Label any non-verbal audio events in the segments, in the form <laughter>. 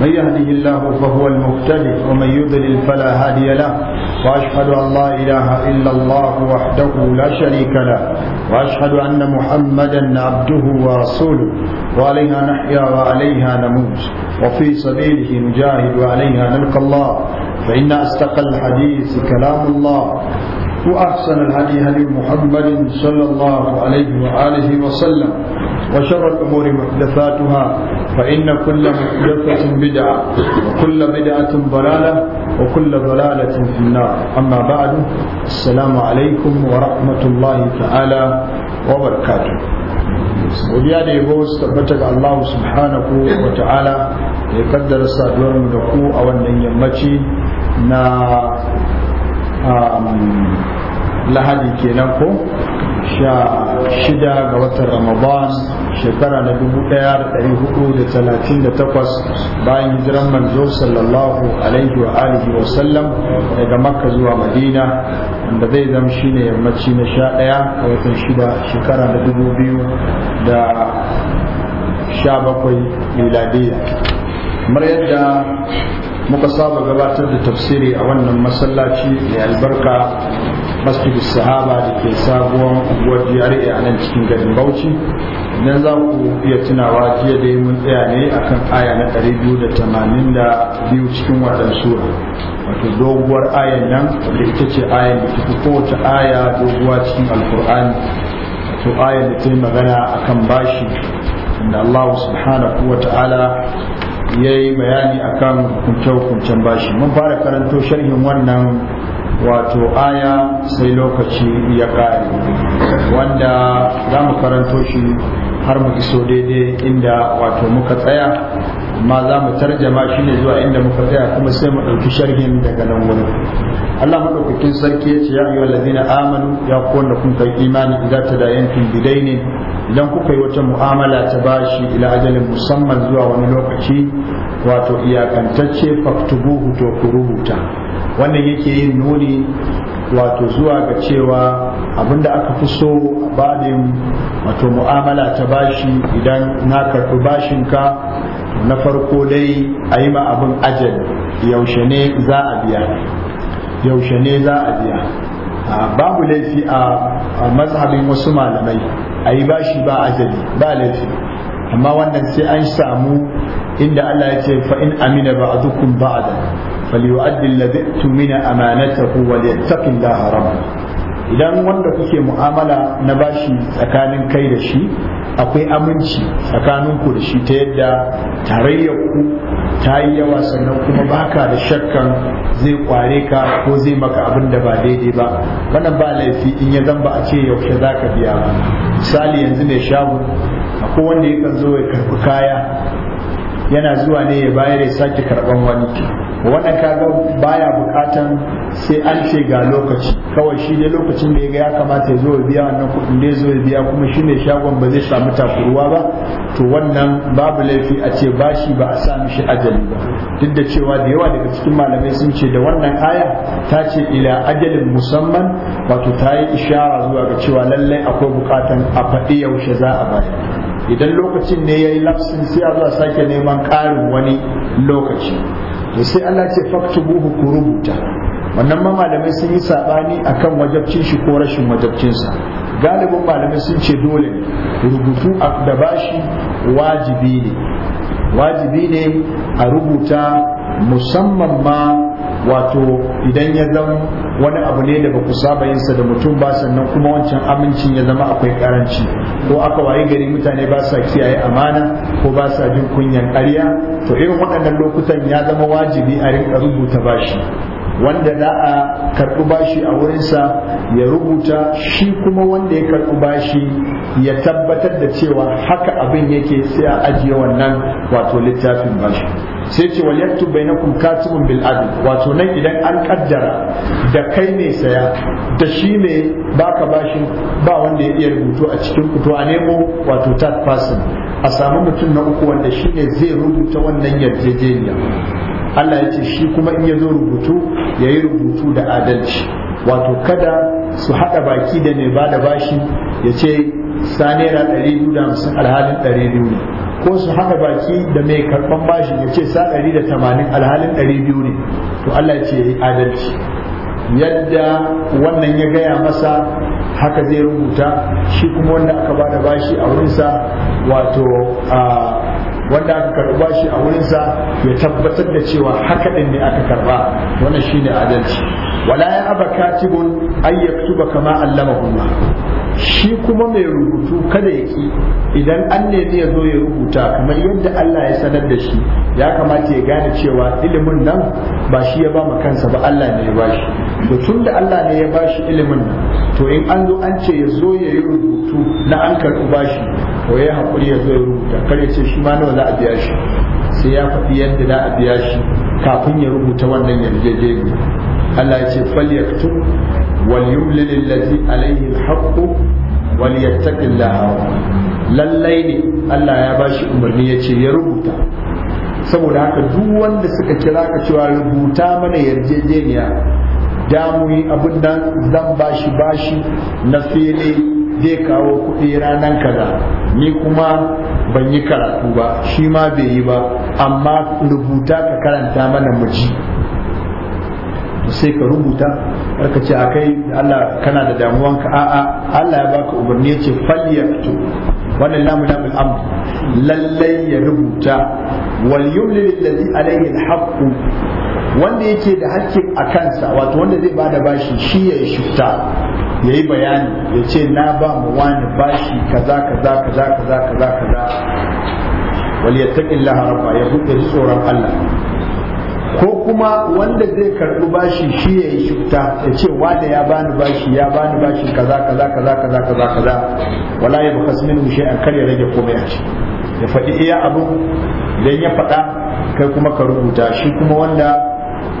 من يهده الله فهو المهتد ومن يضلل فلا هادي له وأشهد أن لا إله إلا الله وحده لا شريك له وأشهد أن محمدا عبده ورسوله وعليها نحيا وعليها نموت وفي سبيله نجاهد وعليها نلقى الله فإن استقل الحديث كلام الله وأحسن الهدي هدي محمد صلى الله عليه وآله وسلم وشر الأمور محدثاتها فإن كل محدثة بدعة وكل بدعة ضلالة وكل ضلالة في النار أما بعد السلام عليكم ورحمة الله تعالى وبركاته godiya da yabo su tabbata ga Allah subhanahu wa ta'ala da ya kaddara saduwar mu da ku a wannan yammaci na Um, lahadi kenan ko sha shida ga watan ramadan shekara na dubu daya da dari hudu da talatin da takwas bayan hijiran manzo sallallahu alaihi wa alihi wa sallam daga makka zuwa madina wanda zai zama shine yammaci na sha daya a watan shida shekara na dubu biyu da sha bakwai miladiya kamar yadda muka saba gabatar da tafsiri a wannan masallaci mai albarka masjid sahaba da ke sabuwar unguwar GRA a nan cikin garin Bauchi idan za ku iya tunawa jiya da yi mun tsaya ne a kan aya na 282 cikin watan sura wato doguwar ayan nan wadda ita ce ayan da ta kowace aya doguwa cikin alkur'ani wato ayan da ta yi magana a kan bashi inda Allah subhanahu wa ta'ala ya yi bayani akan hukunce-hukuncen bashi mun fara karanto sharhin wannan wato aya sai lokaci ya kare wanda za mu karanto shi har mu iso daidai inda wato muka tsaya ma za mu tarjama shi ne zuwa inda muka tsaya kuma sai mu ɗauki sharhin daga nan wurin Allah madaukakin sarki yace ya ayyuhal ladina amanu ya ku wanda kun kai imani idan ta yankin bidaini idan kuka yi wata mu'amala ta bashi ila ajalin musamman zuwa wani lokaci wato iyakantacce faktubuhu to ku rubuta wannan yake yin nuni wato zuwa ga cewa abinda aka fi so babin wato mu'amala ta bashi idan na karɓi bashinka na farko dai a yi ma abin ajal yaushe ne za a biya yaushe ne za a biya babu laifi a mazhabin wasu malamai a yi bashi ba ajali ba laifi amma wannan sai an samu inda Allah ya ce fa in amina ba'dukum ba'da falyu'addi alladhi tumina amanatahu wa liyattaqillaha rabbahu idan wanda kuke mu'amala na bashi tsakanin kai da shi akwai aminci tsakaninku da shi ta yadda tarayyar ku ta yi yawa sannan kuma baka da shakkan zai kware ka ko zai maka abin da ba daidai ba wannan ba laifi in ya zamba a ce yaushe za ka biya ba misali yanzu ne shago akwai wanda yakan zo ya karɓi kaya yana zuwa ne ya bayar ya sake karban wani wannan kaga baya bukatan sai an ce ga lokaci kawai shi ne lokacin da ya ga ya kamata ya zo ya biya wannan kuɗin da ya zo ya biya kuma shi ne shagon ba zai samu takuruwa ba to wannan babu laifi a ce bashi ba a sa shi ajali ba duk da cewa da yawa daga cikin malamai sun ce da wannan aya ta ce ila ajalin musamman wato ta yi ishara zuwa ga cewa lallai akwai bukatan a faɗi yaushe za a bayar idan lokacin ne ya yi lafsin sai a zuwa sake neman ƙarin wani lokaci to sai Allah ce buhu ku rubuta wannan ma malamai sun yi saɓani akan wajabcin shi ko rashin wajabcinsa galibin malamai sun ce dole rubutu da bashi wajibi ne wajibi ne a rubuta musamman ma wato idan ya zama wani abu ne da ba ku saba yinsa da mutum ba sannan kuma wancan amincin ya zama akwai karanci ko aka waye gari mutane ba sa kiyaye amana ko ba sa jin kunyan ƙarya to irin waɗannan lokutan ya zama wajibi a rinka rubuta bashi wanda za a karɓi bashi a wurinsa ya rubuta shi kuma wanda ya karɓi bashi ya tabbatar da cewa haka abin yake sai a ajiye wannan wato littafin bashi sai ce wal yaktub bai katibun bil adl wato nan idan an kaddara da kai ne saya da shi ne baka bashin ba wanda ya iya rubutu a cikin kuto a nemo wato third person a sami mutum na uku wanda shi ne zai rubuta wannan yarjejeniya Allah ya ce shi kuma in ya zo rubutu ya yi rubutu da adalci wato kada su haɗa baki da mai ba da bashi ya ce sa naira ɗari biyu da hamsin alhalin ɗari biyu ne ko su haɗa baki da mai karɓan bashi ya ce sa ɗari da tamanin alhalin ɗari biyu ne to Allah ya ce ya yi adalci yadda wannan ya gaya masa haka zai rubuta shi kuma wanda aka ba da bashi a wurinsa wato a wanda aka karɓa shi a wurinsa ya tabbatar da cewa haka ɗin ne aka karɓa wannan shine adalci wala ya aba katibun ay yaktuba kama allamahu shi kuma mai rubutu kada ya ki idan an nemi ya zo ya rubuta kamar yadda Allah ya sanar da shi ya kamata ya gane cewa ilimin nan ba shi ya ba ma kansa ba Allah ne ya ba shi to tun da Allah ne ya ba shi ilimin nan to in an zo an ce ya zo ya yi rubutu na an karɓi ba shi to ya haƙuri ya zo ya rubuta kar ya ce shi ma nawa za a biya shi sai ya faɗi yadda za a biya shi kafin ya rubuta wannan yarjejeniya Allah ya ce falyaktub wal yumlil allazi alayhi alhaq wal yattaqillaha lallai ne Allah ya bashi umarni ya ce ya rubuta saboda haka duk wanda suka kira ka cewa rubuta mana yarjejeniya da mu yi abin da zan bashi bashi na fili zai kawo kuɗi ranar kaza ni kuma ban yi karatu ba shi ma bai yi ba amma rubuta ka karanta mana mu ji sai ka rubuta ka ce akai Allah kana da damuwan ka a'a Allah ya baka umarni yace falyaktu wannan lamu lamul amr lallai ya rubuta wal yumli alladhi alayhi alhaq wanda yake da hakkin a kansa wato wanda zai bada bashi shi ya shifta ya yi bayani ya ce na ba mu wani bashi kaza kaza kaza kaza kaza kaza wal yattaqillaha rabba ya buɗe tsoron Allah ko kuma wanda zai karɓi bashi shi ya yi shukta ya ce wanda ya bani bashi ya bani bashi kaza kaza kaza kaza kaza kaza wala ya bukas min an kar ya rage komai a ci ya faɗi iya abu idan ya faɗa kai kuma ka rubuta shi kuma wanda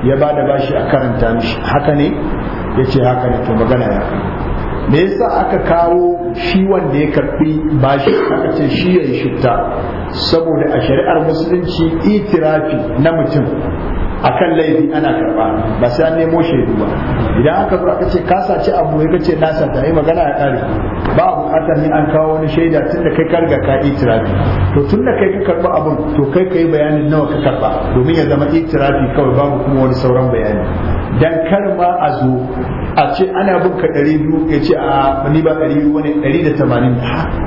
ya ba da bashi a karanta mishi haka ne ya ce haka ne to magana ya me yasa aka kawo shi wanda ya karbi bashi aka ce shi ya yi shukta saboda a shari'ar musulunci itirafi na mutum Akan laifi ana karɓa ba sai an nemo shaidu ba idan aka zo aka ce kasa ce abu ya kace na ta yi magana ya ƙare ba abu aka ni an kawo wani shaida tun da kai ka yi ka itirafi to tun da kai ka karɓa abun to kai ka yi bayanin nawa ka karɓa domin ya zama itirafi kawai babu kuma wani sauran bayani dan kar a zo a ce ana bin ka ɗari biyu ya ce a ni ba ɗari biyu wani ɗari da tamanin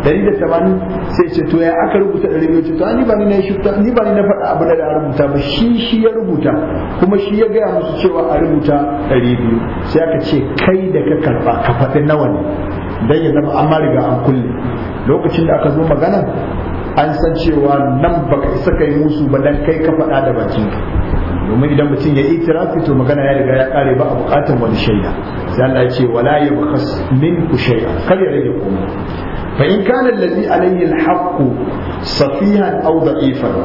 ɗari da tamanin sai ce to ya aka rubuta ɗari biyu ce to ni ba ni na shi ni ba ni na faɗa abu da a rubuta ba shi shi ya rubuta kuma shi ya gaya musu cewa a rubuta ɗari biyu sai aka ce kai da ka karɓa ka faɗi nawa ne dan ya zama an ma riga an kulle lokacin da aka zo magana an san cewa nan baka isa kai musu ba dan kai ka faɗa da bakinka. domin idan mutum ya itirafi to magana ya riga ya kare ba a bukatan wani shaida sai Allah ya ce wala yabkhas minku shay'a kar ya rage komai fa in kana allazi alayhi alhaq safihan aw da'ifan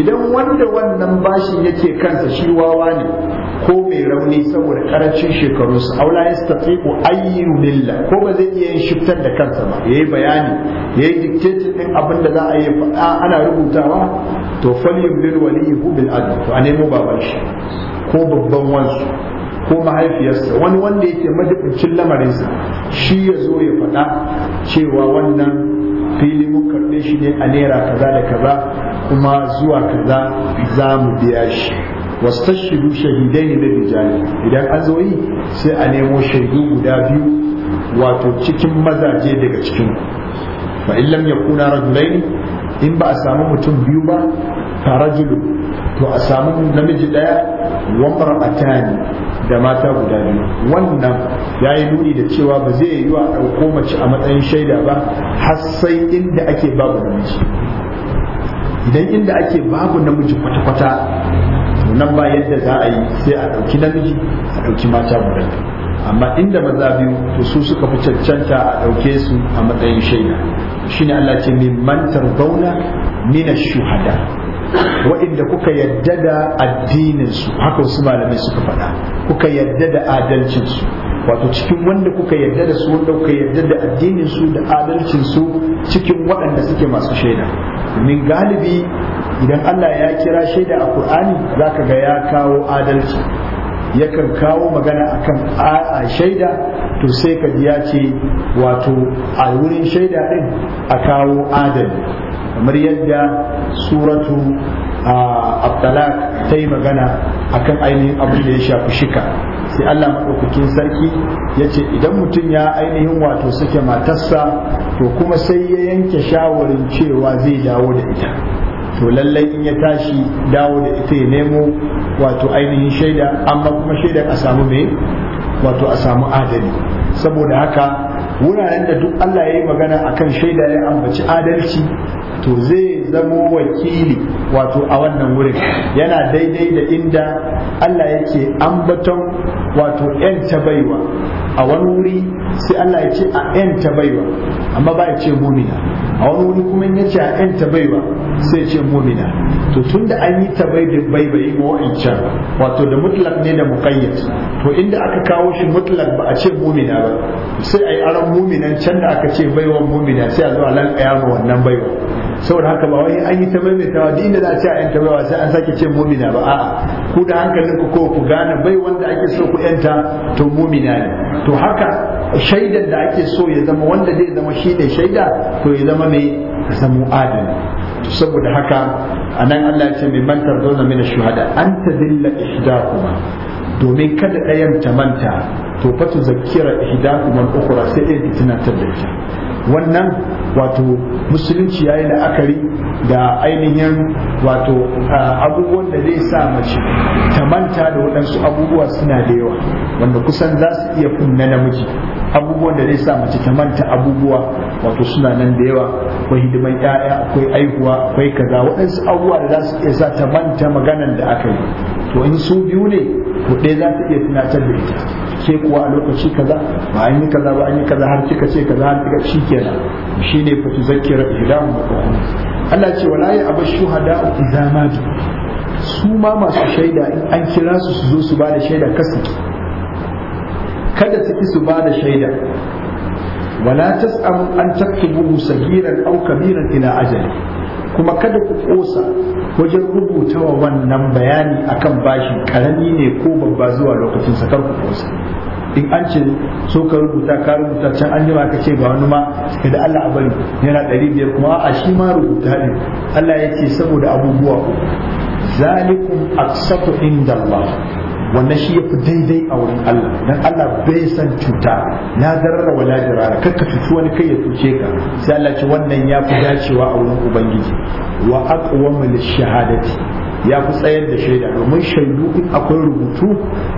idan wanda wannan bashin yake kansa shi wawa ne ko mai rauni saboda karancin shekaru su aula ya statiku ayyu lilla ko ba zai iya yin shiftar da kansa ba yayi bayani yayi dictating din abin da za a yi ana rubutawa to falyum lil waliyhu bil adl to a nemo baban shi ko babban wansu ko mahaifiyarsa wani wanda yake madubincin lamarinsa shi ya zo ya faɗa cewa wannan fili mun karɓe shi ne a naira kaza da kaza kuma zuwa kaza za mu biya shi wastashidu shahidaini min rijali idan an zo yi sai a nemo shaidu guda biyu wato cikin mazaje daga cikin fa in lam yakuna rajulain in ba a samu mutum biyu ba fa rajulu to a samu namiji daya wa mar'atani da mata guda biyu wannan ya yi nuni da cewa ba zai yi wa ɗauko mace a matsayin shaida ba har sai inda ake babu namiji idan inda ake babu namiji kwata-kwata to nan ba yadda za a yi sai a ɗauki namiji a ɗauki mata guda amma inda maza biyu to su suka fi cancanta a ɗauke su a matsayin shaida shine Allah ce min mantar zauna mina shuhada wa'inda kuka yadda da addininsu haka wasu malamai suka faɗa kuka yadda da adalcinsu wato cikin wanda kuka yarda da su wanda kuka yarda da addinin su da adalcin su cikin waɗanda suke masu shaida min galibi idan Allah ya kira shaida a Qur'ani zaka ga ya kawo adalci yakan kawo magana akan a shaida to sai ka ya ce wato a wurin shaida din a kawo adal. kamar yadda suratu abdalak ta yi magana akan ainihin abin da ya shafi shika sai Allah maɗaukakin sarki ya ce idan mutum ya ainihin wato suke matarsa to kuma sai ya yanke shawarin cewa zai dawo da ita to lallai in ya tashi dawo da ita ya nemo wato ainihin shaida amma kuma shaidar a samu mai wato a samu adali saboda haka wuraren da duk Allah ya yi magana a kan shaida ya ambaci adalci to zai zamo wakili wato a wannan wurin yana daidai da inda Allah yake ambaton wato ‘yanta baiwa a wani wuri sai Allah ya ce a ‘yanta baiwa amma ba ya ce mumina a wani wuri kuma ya ce a ‘yanta baiwa sai ya ce mumina to tun da an yi ta baibayi ma wa'ancan wato da mutlak ne da muqayyad to inda aka kawo shi mutlak ba a ce mumina ba sai a yi aron muminan can da aka ce baiwan mumina sai a zo a lankaya wannan baiwa saboda haka ba wai an yi ta maimaitawa duk inda za a ce a yanta sai an sake ce mumina ba a'a ku da hankalin ku ko ku gane bai wanda ake so ku yanta to mumina ne to haka shaidan da ake so ya zama wanda zai zama shi ne shaida to ya zama mai zamu adali saboda haka anan Allah ya ce mai mantar zauna mina shuhada an ta dilla ihdakuma domin kada ɗayan ta manta to fa tu zakira ihdakum man ukhra sai ɗaya tunatar da ita wannan wato musulunci yayi la'akari da ainihin wato abubuwan da zai sa mace ta manta da waɗansu abubuwa suna da yawa wanda kusan za su iya kunna namiji abubuwan da zai sa mace ta manta abubuwa wato suna nan da yawa akwai hidiman yaya akwai aihuwa akwai kaza waɗansu abubuwa da za su iya sa ta manta maganan da aka yi to in su biyu ne to ɗaya za ta iya tunatar da ita ke kuwa a lokaci kaza ba an yi kaza ba an yi kaza har kika ce kaza har kika shi kenan shine fa tuzakkira kuma. Allah ce wala ya abashu hada idza su ma masu shaida in an kira su su zo su ba shaida kasu kada su su ba da shaida wala tas'amu an taktubuhu sagiran aw kabiran ila ajali kuma kada ku kosa wajen rubuta wa wannan bayani akan bashi karami ne ko babba zuwa lokacin sa kar ku kosa in an ce so ka rubuta ka rubuta can an jima ka ce ga wani ma ka da Allah a bari yana ɗari biyar kuma a shi ma rubuta ne Allah ya ce saboda abubuwa ku zalikum aqsatu inda Allah wannan shi fi daidai a wurin Allah dan Allah bai san cuta na darara wala dirara kakka cuci wani kai ya cuce ka sai Allah ce wannan yafi dacewa a wurin ubangiji wa aqwamu lishahadati ya fi tsayar da shaida domin shaidu in akwai rubutu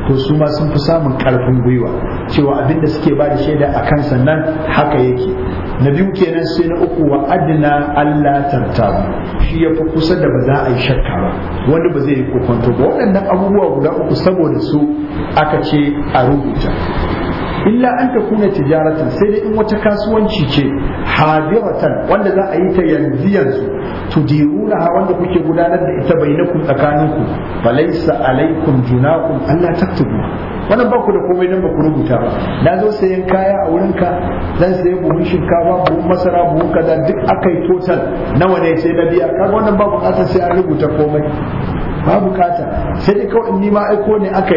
to su ma sun fi samun karfin gwiwa cewa abin da suke ba da shaida a kan sannan haka yake na biyu kenan sai na uku wa adina Allah Tartaru shi ya fi kusa da ba za a yi shakka ba wanda ba zai yi kokonto ba waɗannan abubuwa guda uku saboda su aka ce a rubuta illa an ta kuna tijaratan sai dai in wata kasuwanci ce hadiratan wanda za a yi ta yanzu yanzu tudiruna ha wanda kuke gudanar da ita bainakum tsakaninku falaysa alaikum junakum Allah taktubu wannan ba ku da komai nan ba ku rubuta ba na zo sayan kaya a wurin ka zan sayi buhun shinkafa buhun masara buhun kaza duk akai total nawa ne sai na biya kaga wannan ba bukatar sai an rubuta komai ba bukata sai dai kawai ni ma aiko ne aka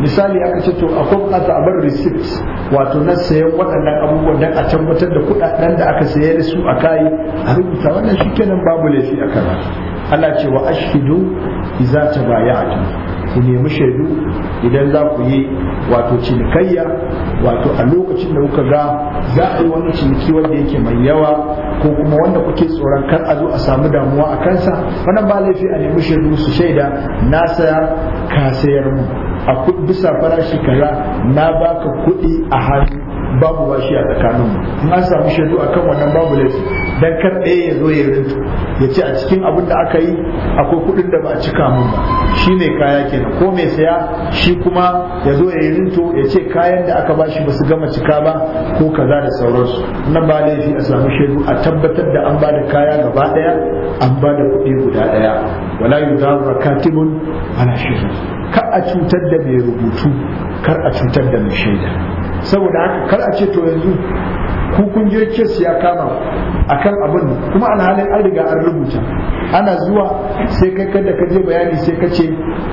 misali aka ce to akwai bukatar a bar receipt wato na sayan waɗannan abubuwan dan a tabbatar da kuɗaɗen da aka saye da su a kayi a rubuta wannan shi kenan babu laifi a kana Allah ce wa ashhidu idza tabaya'tum ku nemi shaidu idan za ku yi wato cinikayya wato a lokacin da kuka ga za a yi wani ciniki wanda yake mai yawa ko kuma wanda kuke tsoron kar a zo a samu damuwa a kansa wannan ba laifi a nemi shaidu su shaida na saya ka sayar mu a bisa farashi kaza na baka kuɗi a hannu babu bashi a tsakanin mu in an samu shaidu akan wannan babu laifi dan kar ɗaya ya zo ya rintu ya ce a cikin abin da aka yi akwai kuɗin da ba a cika mun ba shi ne kaya kenan ko mai saya shi kuma ya zo ya rinto ya ce kayan da aka bashi ba su gama cika ba ko kaza da sauransu na ba laifi a samu shaidu a tabbatar da an ba da kaya gaba ɗaya an ba da kuɗi guda ɗaya wala yudaru katibun ana shirin kar a cutar da mai rubutu kar a cutar da mai shaida saboda haka kar a ce to yanzu ku kun je kes ya kama akan abin kuma halin an riga an rubuta ana zuwa sai kai kada ka je bayani sai ka ce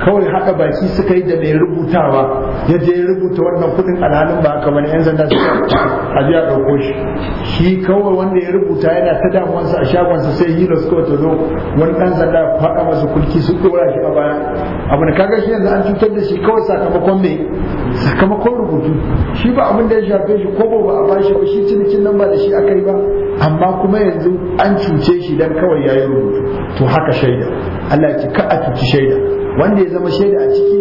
kawai haka baki suka yi da mai rubutawa ya je rubuta wannan kudin alhalin ba haka bane yan zanda su a biya dauko shi shi kawai wanda ya rubuta yana ta damuwansa a shagonsa sai hilos suka ta zo wani dan zanda faɗa masa kulki su dora shi a baya abin kaga shi yanzu an cutar da shi kawai sakamakon me sakamakon rubutu shi ba abin da ya shafe shi ko ba a bashi ba shi ciniki lokacin nan ba da shi aka yi ba amma kuma yanzu an cuce shi dan kawai ya yi rubutu to haka shaida Allah ya ce ka a cuci shaida wanda ya zama shaida a ciki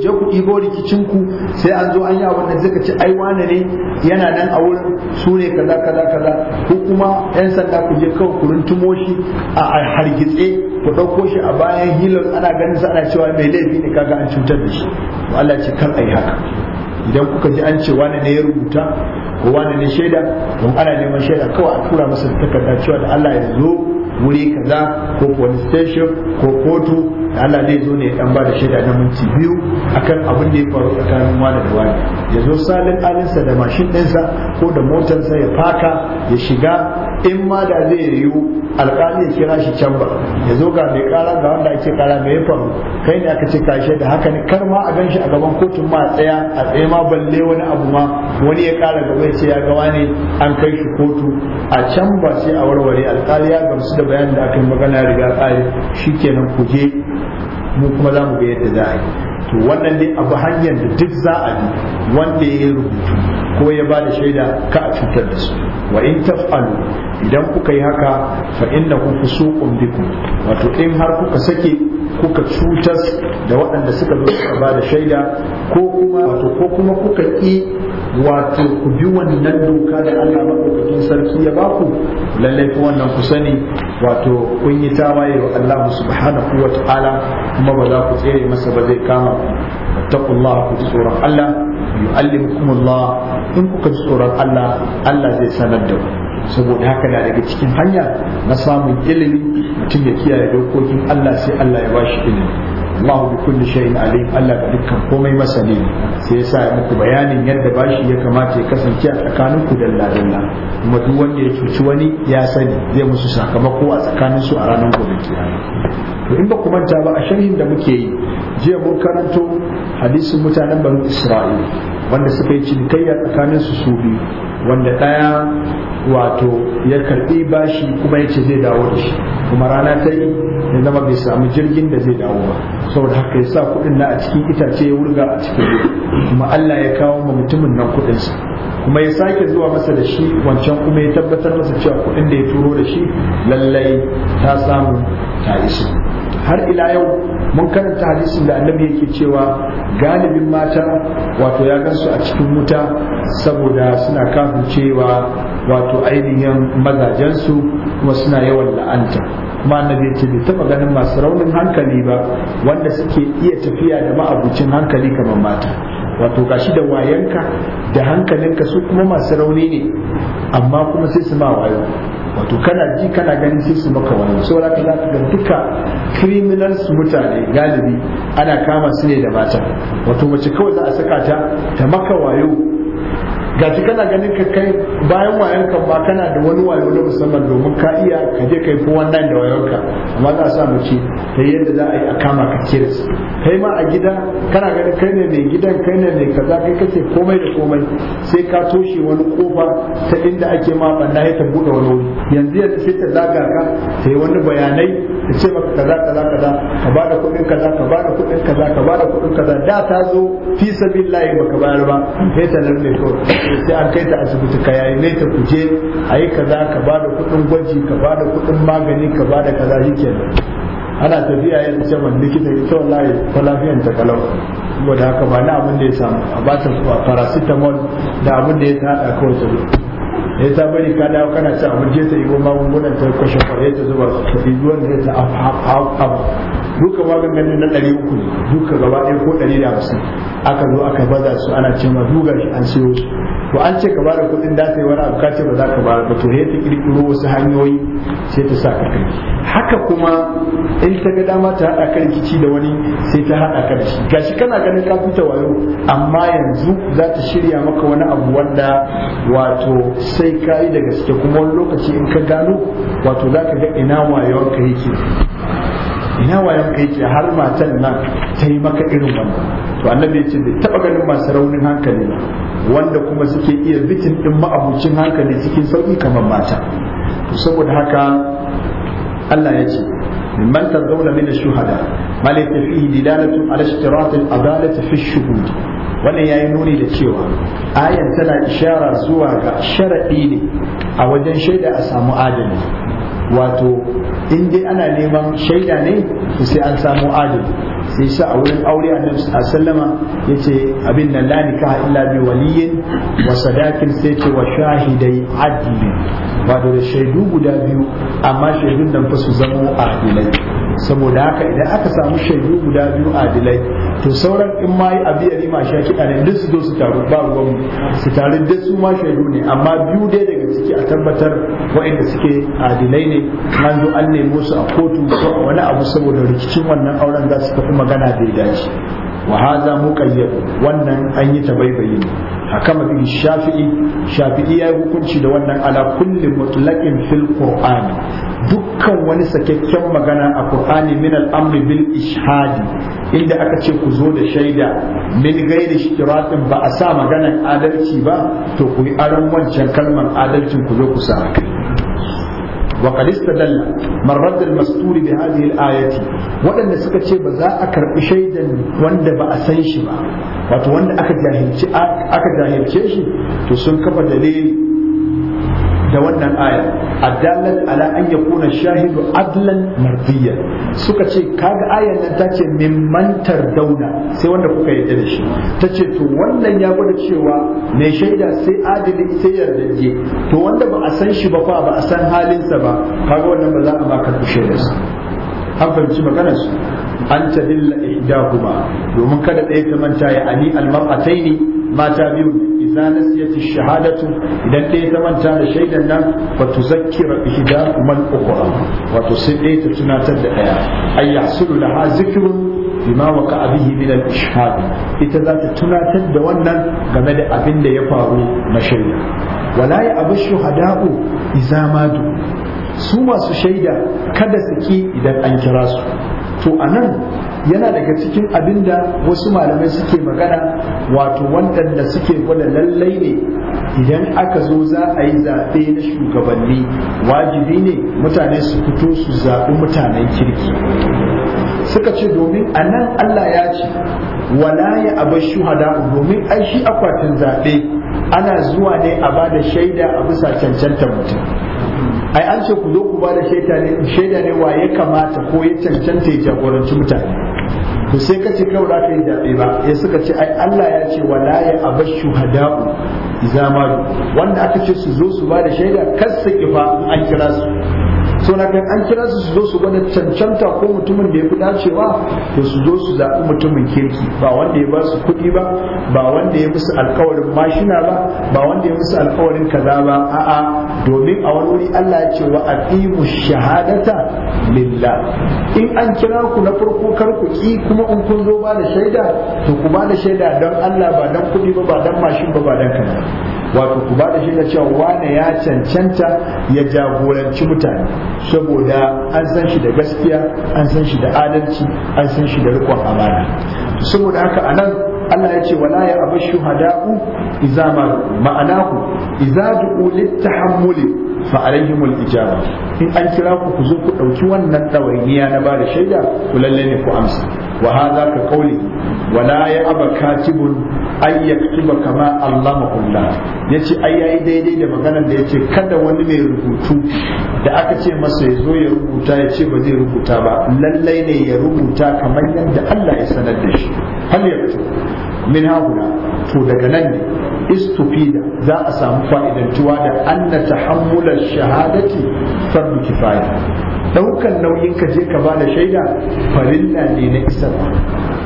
je ku ɗibo ku sai an zo an yi abin da ci ai wane ne yana nan a wurin sune ne kaza kaza kaza ko kuma yan sanda ku je kawai ku runtumo shi a hargitse ku ɗauko shi a bayan hilal ana ganin sa ana cewa mai laifi ne kaga an cutar da shi Allah ce kar a yi haka idan kuka ji an ce wani ne ya rubuta ko wani ne shaida don ana neman shaida kawai a tura masa takarda cewa da Allah ya zo wuri kaza ko police station ko kotu da Allah zai zo ne ya dan ba da shaida na minti biyu akan abin da ya faru tsakanin wani da wani ya zo salin alinsa da mashin ɗinsa ko da motarsa ya faka ya shiga in ma da zai yiwu alƙali ya kira shi can ba ya zo ga mai ƙara ga wanda ake ƙara mai ya faru kai ne aka ce kashe da haka ne kar ma a gan shi a gaban kotun ma a tsaya a tsaye ma balle wani abu ma wani ya ƙara gaba ya ce ya gawa ne an kai shi kotu a can ba sai a warware alƙali ya gamsu da bayanin da aka yi magana riga ƙari shi kenan ku mu kuma za mu ga yadda za a yi to wannan dai abu hanyar da duk za a wanda ya rubutu ko ya ba da shaida ka a cutar da su wa in taf'alu idan kuka yi haka fa ku fusuqun bikum wato in har kuka sake kuka cutas da waɗanda suka zo suka ba da shaida ko kuma wato ko kuma kuka ki wato ku bi wannan doka da Allah madaukakin sarki ya ba ku lallai ku wannan ku sani wato kun yi tawaye wa Allah subhanahu wa kuma ba za ku tsere masa ba zai kama taqullah ku tsoron Allah yu'allimukumullah in kuka tsoron Allah Allah zai sanar da ku saboda haka na daga cikin hanya na samun ilimi mutum ya kiyaye dokokin Allah sai Allah ya bashi ilimi Allah bi kulli shay'in alim Allah ga dukkan komai masani sai yasa ya muku bayanin yadda bashi ya kamata ya kasance a tsakanin ku dalla dalla kuma duk wanda ya cuci wani ya sani zai musu sakamako a tsakanin su a ranar gobe kiyama to in ba ku manta ba a sharhin da muke yi jiya mun karanto hadisin mutanen banu isra'il wanda suka yi cinikayya tsakanin su su biyu wanda ɗaya wato ya karɓi bashi kuma ya ce zai dawo da shi kuma rana ta yi ya zama bai samu jirgin da zai dawo ba saboda haka ya sa kuɗin na a cikin itace ya wurga a cikin ruwa kuma Allah ya kawo ma mutumin nan kuɗinsa kuma ya sake zuwa masa da shi wancan kuma ya tabbatar masa cewa kuɗin da ya turo da shi lallai ta samu ta iso har ila yau mun karanta hadisin da annabi yake cewa galibin mata wato ya gansu a cikin wuta saboda suna kafin cewa wato ainihin mazajensu kuma suna yawan la'anta kuma annabi ya ce bai taba ganin masu raunin hankali ba wanda suke iya tafiya da ma'abucin hankali kamar mata wato gashi da wayanka da hankalinka su kuma masu rauni ne amma kuma sai su ma wayo wato kana ji kana gani sai su maka wani saboda ka za ga duka criminals mutane galibi ana kama su ne da mata wato mace kawai za a saka ta ta maka wayo gashi kana ganin ka kai bayan wayan kan ba kana da wani wayo na musamman domin ka iya ka je kai fi wannan da wayon ka amma za a sa ce ta yadda za a yi a kama ka kiris kai ma a gida kana ganin kai ne mai gidan kai ne mai kaza kai kake komai da komai sai ka toshe wani kofa ta inda ake ma banda ya ta bude wani wuri yanzu yadda sai ta zaga ka ta yi wani bayanai ta ce maka kaza kaza kaza ka ba da kuɗin kaza ka ba da kuɗin kaza ka ba da kuɗin kaza da ta zo fi sabilillahi baka bayar ba sai ta nan ne sai an kai ta asibiti ka yayi neme ta kuje a yi kaza ka ba da kuɗin gwaji ka ba da kuɗin magani ka ba da kaza shi ana tafiya yin jaman likita ita wallahi ko lafiyan ta kalau saboda haka ba na abin da ya samu a ba ta paracetamol da abin da ya tada kawai ya ta bari ka dawo kana ci je ta yi goma gungunan ta kwashe kwaye ta zuba su tafi duwan ne ta abu duka magungunan na ɗari uku ne duka gaba ɗaya ko ɗari da hamsin aka zo aka baza su ana ce ma duga shi an siyo su to an ce ka bada kuɗin da ta yi wani abu ka ce ba za ka bada ba to ya ta ƙirƙiro wasu hanyoyi sai ta sa ka kai haka kuma in ta ga dama ta haɗa kan rikici da wani sai ta haɗa kan shi gashi kana ganin ka fita wayo amma yanzu za ta shirya maka wani abu wanda wato sai ka yi da gaske kuma wani lokaci in ka gano wato za ka ga ina wayewar ka yake ina wayewar ka yake har matan nan ta yi maka irin wannan to annabi ya ce da taba ganin masu raunin hankali wanda kuma suke iya bitin din ma'abucin hankali cikin sauki kamar mata saboda haka Allah ya ce من ترضون من الشهداء ما ليس فيه دلالة على اشتراط العدالة في الشهود wannan ya yi nuni da cewa ayan tana ishara zuwa ga sharaɗi ne a wajen shaida a samu adali wato in dai ana neman shaida ne sai an samu adali sai sa a wurin aure annabi sallama yace abin nan la kaha illa bi waliyin wa sadakin sai ce wa shahidai adli wato da shaidu guda biyu amma shaidun nan fa su zamo adilai saboda haka idan aka samu shaidu guda biyu adilai to sauran in ma abi ya ma sha kiɗa ne duk su zo su taru ba ruwan su taru duk su ma shaidu ne amma biyu dai daga ciki a tabbatar waɗanda suke adilai ne an zo an nemo su a kotu ko a wani abu saboda rikicin wannan auren za su tafi magana bai dace Wahaza haza muqayyad wannan an ta tabaibayi hakama bi shafi'i shafi'i yayi hukunci da wannan ala kulli mutlaqin fil qur'an dukkan wani sakakken magana a kur'ani min al amri bil ishhad inda aka ce ku zo da shaida min gairi shiratin ba a sa maganar adalci ba to kuyi aron wancan kalmar adalcin ku zo ku وقد استدل من رد المستور بهذه الآية وأن سكتي بزا أكر شيدا وند بأسيش ما وأن أكجاهل أكجاهل شيء تسنكف دليل da wannan aya adallat ala an yakuna shahidu adlan mardiyya suka ce kaga ayan nan ta ce min mantar dauna sai wanda kuka yarda da shi ta ce to wannan ya gwada cewa mai shaida sai adili sai je to wanda ba a san shi ba fa ba a san halinsa ba kaga wannan ba za a baka kushe da su an fahimci maganar su an tadilla ihdahuma domin kada ɗaya ta manta ya ani almar'ataini mata biyu idza nasiyat shahadatu idan ɗaya ta manta da shaidan nan fa tuzakkira ihdahumal ukhra wato sai ɗaya ta tunatar da ɗaya ay yahsulu laha zikrun bima waka abihi min al-ishhad ita za ta tunatar da wannan game da abin da ya faru na shaida wala ya abu shuhada'u izamadu su masu shaida kada su ki idan an kira su to anan yana daga cikin abinda wasu malamai suke magana wato da suke gwada lallai ne idan aka zo za a yi zaɓe na shugabanni wajibi ne mutane su fito su zaɓi mutanen kirki suka ce domin a nan Allah ya ce wala ya abu shuhada domin ai shi akwatin zaɓe ana zuwa ne a ba da shaida a bisa cancantar mutum ai an ce ku zo ku ba da shaida ne wa ya kamata ko ya cancanta ya jagoranci mutane to sai ka ce kawai aka yi zaɓe ba ya suka ce ai Allah ya ce wala ya abar shuhada'u iza wanda aka ce su zo su ba da shaida kar kifa an kira su so na kan an kira su su zo su gwada cancanta ko mutumin da ya fi dacewa to su zo su zaɓi mutumin kirki ba wanda ya ba su kuɗi ba ba wanda ya musu alkawarin mashina ba ba wanda ya musu alkawarin kaza ba a'a domin a wani wuri Allah ya ce wa aqimu shahadata lillah in an kira ku na farko kar ku ki kuma in kun zo ba da shaida to ku ba da shaida dan Allah ba dan kuɗi ba ba dan mashin ba ba dan kaza wato ku ba da shaida cewa wane ya cancanta ya jagoranci mutane saboda an san shi da gaskiya an san shi da adalci an san shi da riƙon amana saboda haka anan Allah ya ce wala ya abu shuhada'u iza ma ma'ana ku iza du'u littahammuli fa alaihimul ijaba in an kira ku ku zo ku dauki wannan dawainiya na ba da shaida ku lalle ne ku amsa wa hadha ka qawli wa la ya'aba katibun ay yaktuba kama allama kullah yace ai yayi daidai da maganar da yace kada wani mai rubutu da aka ce masa ya zo ya rubuta ya ce ba zai rubuta ba lallai ne ya rubuta kamar yadda Allah ya sanar da shi hal yaktu min hauna to daga nan ne istufida za a samu fa'idantuwa da anna tahammula shahadati fardu kifaya daukan nauyin ka je ka ba da shaida farilla ne na isar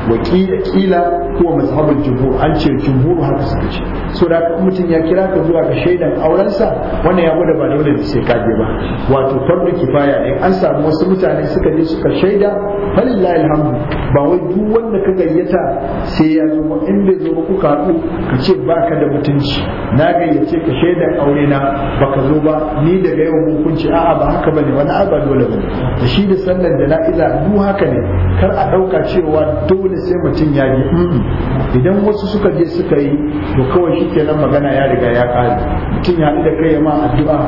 wakila kila ko mazhabin jumhur an ce jumhur haka suka ce so da mutum ya kira ka zuwa ga shaidan aurensa wannan ya gwada ba dole sai ka je ba wato fardu kifaya ne an samu wasu mutane suka je suka shaida falillahi alhamdu ba wai duk wanda ka gayyata sai ya zo ba in bai zo ba kuka haɗu ka ce baka da mutunci na gayyace ka shaidan aure na baka zo ba ni daga yawan hukunci kunci a'a ba haka bane wani abu dole ba da shi da sallar jana'iza du haka ne kar a ɗauka cewa dole sai mutum ya yi idan wasu suka je suka yi to kawai shi kenan magana ya riga ya kare mutum ya da kai ma addu'a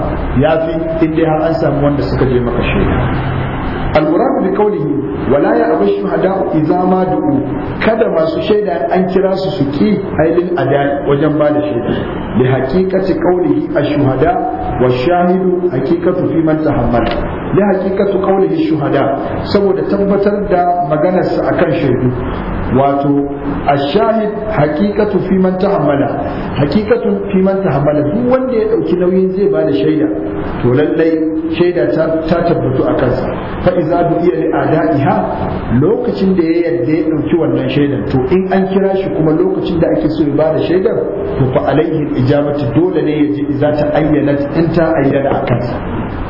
ya fi inda har an samu wanda suka je maka shaida al-murad bi qawlihi wala ya abashu hada idza ma du'u kada masu shaida an kira su su ki ailin adal wajen ba da shaida bi haqiqati qawlihi ash-shuhada wa shahidu haqiqatu fi man tahammala bi haqiqatu qawlihi shuhada saboda tabbatar da maganarsa akan shaidu wato ashahid hakikatu fi man tahammala duk wanda ya ɗauki nauyin zai bada shaida to lallai shaida ta tabbatu a kansa fa iza iya li adaiha lokacin da ya yarda ya dauki wannan shaidan to in an kira shi kuma lokacin da ake so ya bada shaidar to fa alaihi ijabatu dole ne ya ji iza ta ayyana in ta ayyana a kansa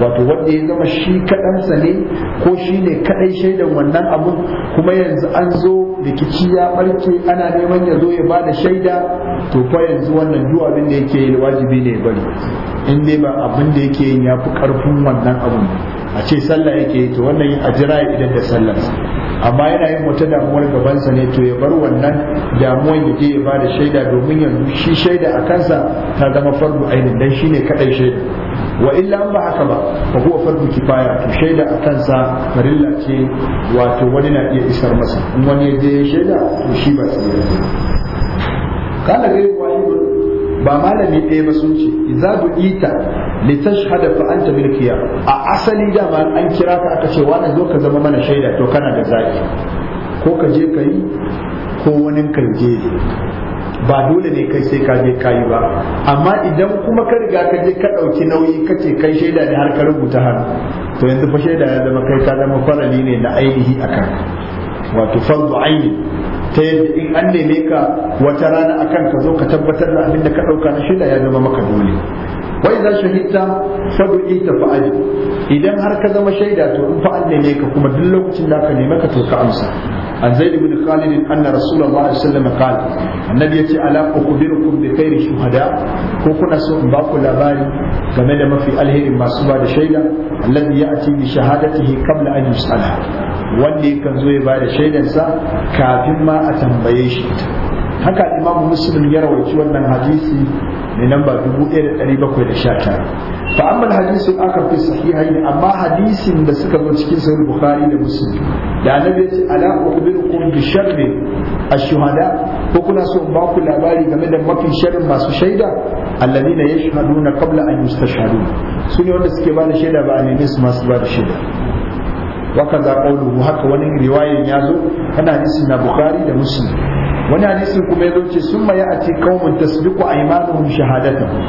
wato wanda ya zama shi sa ne ko shi ne kadai shaidan wannan abun kuma yanzu an zo rikici ya barke ana neman ya zo ya bada shaida to fa yanzu wannan duwabin da yake yi wajibi ne ya bari in dai ba abin da yake yin yafi karfin wannan abun a ce sallah yake yi to wannan yin ajira ya idan da sallar amma yana yin wata damuwar gabansa ne to ya bar wannan damuwar ya je ya ba da shaida domin yanzu shi shaida a kansa ta zama fardu ainin dan shine kadai shaida wa illa ba haka ba fa huwa fardu kifaya to shaida a kansa farilla ce wato wani na iya isar masa in wani ya je shaida to shi ba sai ya kala wani. ba malami ɗaya ba sun ce idza ta litash hada fa anta milkiya a asali dama an kira ka aka ce wannan zo ka zama mana shaida to kana da zaki ko ka je kai ko wani kan je ba dole ne kai sai ka je ba amma idan kuma ka riga ka je ka ɗauki nauyi ka ce kai shaida ne har ka rubuta hannu to yanzu fa shaida ya zama kai ka zama farali ne na ainihi akan wato fardu aini ta yadda in an neme ka wata rana akan ka zo ka tabbatar da abin da ka ɗauka na shida ya zama maka dole wa idza shahidta fad'ita fa'al idan har ka zama shaida to in fa'al ne ka kuma duk lokacin da ka nema ka to ka amsa an zaid ibn khalid anna rasulullahi sallallahu alaihi wasallam annabi yace ala ukhbirukum bi khairi shuhada ko kuna so in ba ku labari game da mafi alherin masu ba da shaida alladhi ya'ti bi shahadatihi qabla an yus'ala wanda kan zo ya ba da shaidansa kafin ma a tambaye shi haka imamu muslim ya rawaici wannan hadisi mai namba 1719 fa amma hadisin aka fi ne amma hadisin da suka zo cikin sahih bukhari da muslim da annabi ya ce ala ukhbirukum bi sharri ash-shuhada ko kuna so in ba ku labari game da mafi sharrin masu shaida alladina yashhaduna qabla an yustashhadu sune wanda suke ba da shaida ba a nemi su masu ba da shaida waka za haka wani riwayan ya zo Kana hadisi na bukhari da muslim wani hadisin kuma ya ce sun maye a ce kaumun tasdiqu aymanuhum shahadatan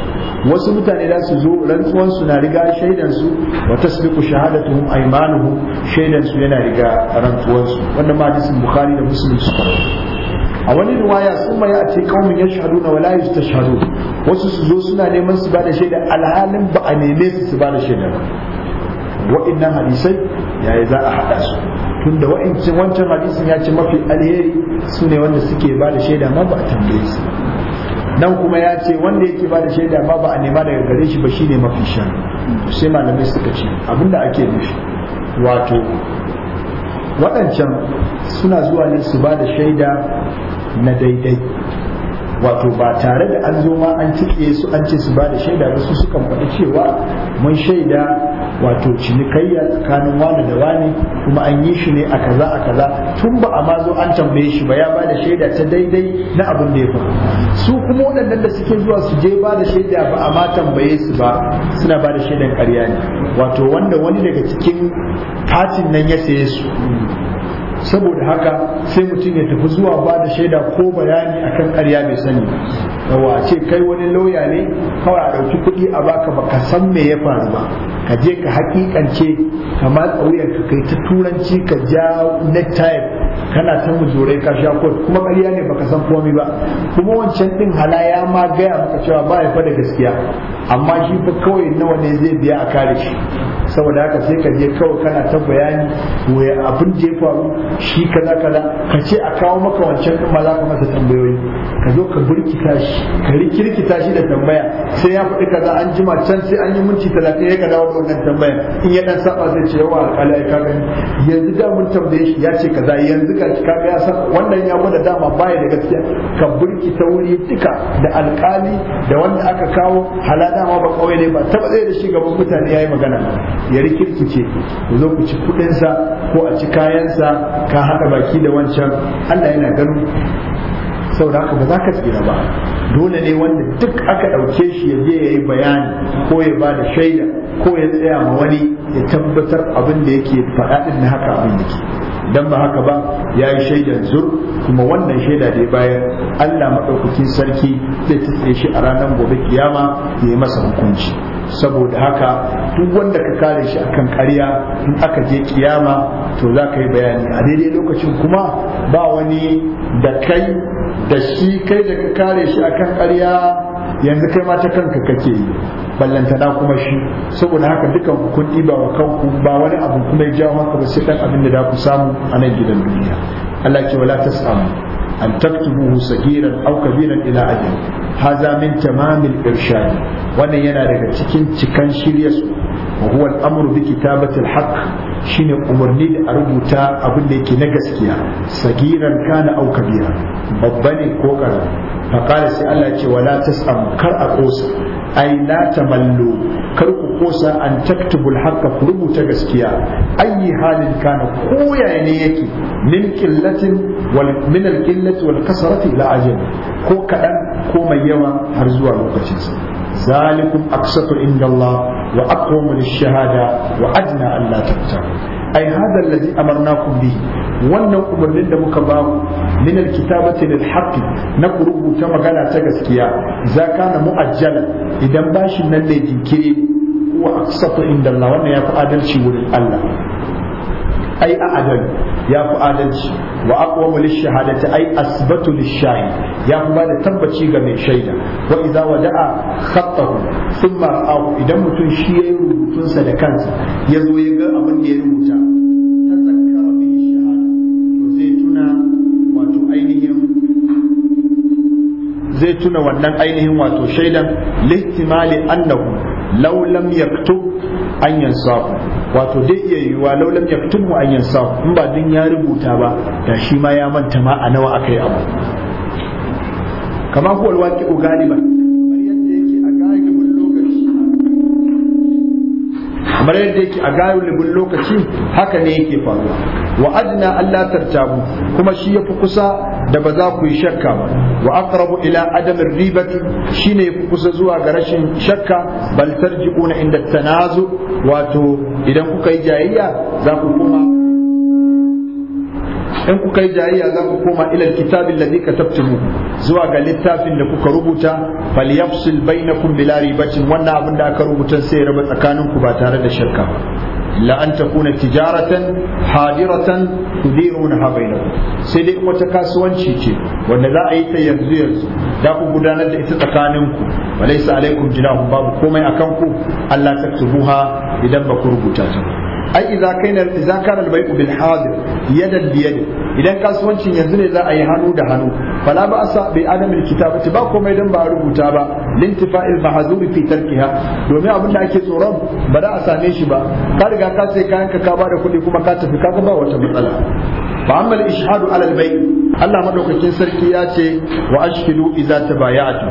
wasu mutane za su zo rantsuwan su na riga shaidan su wa tasdiqu shahadatuhum aymanuhum shaidan su yana riga rantsuwan su wannan ma hadisin bukhari da muslim suka a wani riwaya sun maye a ce kaumin ya shahadu na wala ta shahadu wasu su zo suna neman su ba da shaida alhalin ba a neme su su ba da shaida ba wa'annan hadisai yayi za a haɗa su tunda wa'ancin wancan hadisin ya ce mafi alheri su ne wanda suke ba da shaida ma ba a tambaye su nan kuma ya ce wanda yake ba da shaida ma ba a nema daga gare shi ba shine mafi shan sai malamai suka ce abinda ake nufi wato waɗancan suna zuwa ne su ba da shaida na daidai wato ba tare da an zo ma an cike su an ce su ba da shaida ba su sukan faɗi cewa mun shaida wato cinikayya tsakanin wani da wani kuma an yi shi ne a kaza a kaza tun ba a mazo an tambaye shi ba ya ba da shaida ta daidai na abin da ya faru su kuma waɗannan da suke zuwa su je ba da shaida ba a ma tambaye su ba suna ba da shaidan ƙarya ne wato wanda wani daga cikin fatin nan ya saye su saboda haka sai mutum ya tafi zuwa ba da shaida ko bayani akan karya mai sani yawa wace kai wani lauya ne kawai a ɗauki kuɗi a baka ba ka san me ya faru ba ka je ka hakikance kamar matsa ka kai ta turanci ka ja necktie kana ta mujure ka sha kot kuma ƙarya ne baka san komai ba kuma wancan din hala ya ma gaya maka cewa ba ya fada gaskiya amma shi fa kawai nawa ne zai biya a kare shi saboda haka sai ka je kawai kana ta bayani wai abin da ya faru shi kaza kaza ka ce a kawo maka wancan din ma za ka masa tambayoyi ka zo ka burkita shi ka rikirkita shi da tambaya sai ya faɗi kaza an jima can sai an yi minti talatin ya ka dawo da wannan tambaya in ya dan saba zai ce yawa alƙalai ka gani yanzu da mun tambaye shi ya ce kaza yanzu duka ka ya san wannan ya gwada dama baya da gaskiya ka burki ta wuri duka da alkali da wanda aka kawo hala dama ba kawai ne ba taba tsaye da shi gaban mutane yayi magana ya ce ku zo ku ci sa ko a ci kayansa ka haɗa baki da wancan Allah yana ganin saboda haka ba za ka tsira ba dole ne wanda duk aka ɗauke shi ya je ya yi bayani ko ya ba da shaida ko ya tsaya ma wani ya tabbatar abin da yake faɗa ɗin na haka abin yake dan ba haka ba ya yi shaidar zur kuma wannan shaida da ya bayan Allah maɗaukakin sarki zai tsaye shi a ranar gobe kiyama ya yi masa hukunci saboda haka duk wanda ka kare shi akan ƙarya in aka je kiyama to za ka yi bayani a daidai lokacin kuma ba wani da kai da shi kai da ka kare shi a kan ƙarya yanzu kai ma ta kanka kake yi ballantana kuma shi saboda haka dukan kun ɗiba wa kanku ba wani abu kuma ya jawo haka ba sai ɗan abin da ku samu a nan gidan duniya Allah ke wala tas'amu an taktubuhu sagiran aw kabiran ila ajal haza min tamamil irshad wannan yana daga cikin cikan shirye su وهو الأمر بكتابة الحق شين أمرني لأربوتا أبن ليك نجسكيا صغيرا كان أو كبيرا ببني كوكرا فقال سألة ولا تسأم كر أقوس أي لا تملوا كر أقوس أن تكتب الحق قلوب تجسكيا أي حال كان قوية ينيك من قلة من القلة والكسرة إلى أجل كوكا كوما يوم هرزوا لوكتشنسا zalikum aqsatu inda Allah wa aqwamu lish-shahada wa adna an la taqtalu ai hada alladhi amarnakum bi wannan umarnin da muka baku, ku min alkitabati lil haqqi na ku rubuta magana ta gaskiya za kana mu'ajjala idan bashin nan ne jinkiri wa aqsatu inda Allah wannan yafi adalci wurin Allah ai a adal yafi adalci wa aqwamu lishahadati ay asbatu lishahid ya kuma da tabbaci ga mai shaida wa idza wada'a khattahu thumma ra'ahu idan mutum shi ya rubutun sa da kansa ya zo ya ga abin da ya rubuta tazakkara bihi shahada to zai tuna zai tuna wannan ainihin wato shaidan lihtimali annahu law lam yaktub an yansafu wato dai iya yiwuwa laulam ya mu an yansafu in ba din ya rubuta ba da shi ma ya manta ma a nawa aka yi abu kamar kuwa alwaki ko galiba kamar yadda yake a libin lokaci haka ne yake faruwa wa adna Allah tartabu kuma shi ya fi kusa da ba za ku yi shakka ba wa aqrabu ila adamin ribati shine ku kusa zuwa ga rashin shakka bal tarji'una inda tanazu wato idan kuka yi jayayya za ku koma in kuka yi jayayya za ku koma kitabin alkitabi alladhi katabtumu zuwa ga littafin da kuka rubuta falyafsil bainakum bila ribatin wannan abin da aka rubuta sai ya raba tsakaninku ba tare da shirka illa an takuna tijaratan hadiratan tudirunaha bainakum sai dai wata kasuwanci ce wanda za a yi ta yanzu yanzu da ku gudanar da ita tsakaninku walaysa alaikum jinahun babu komai akan ku Allah taktubuha idan ba ku rubuta ta ai kai na idan kana al-bai'u bil hadir yadan bi idan kasuwancin yanzu ne za a yi hannu da hannu fala ba asa bi adam al-kitabati ba komai dan ba rubuta ba lintifa'il mahzuri fi tarkiha domin abin da ake tsoron ba za a same shi ba ka riga ka sai kayan ka ka bada kuɗi kuma ka tafi ka ba wata matsala fa amma al-ishhadu ala al-bai' Allah madaukakin sarki ya ce wa ashkidu idza tabaya'tu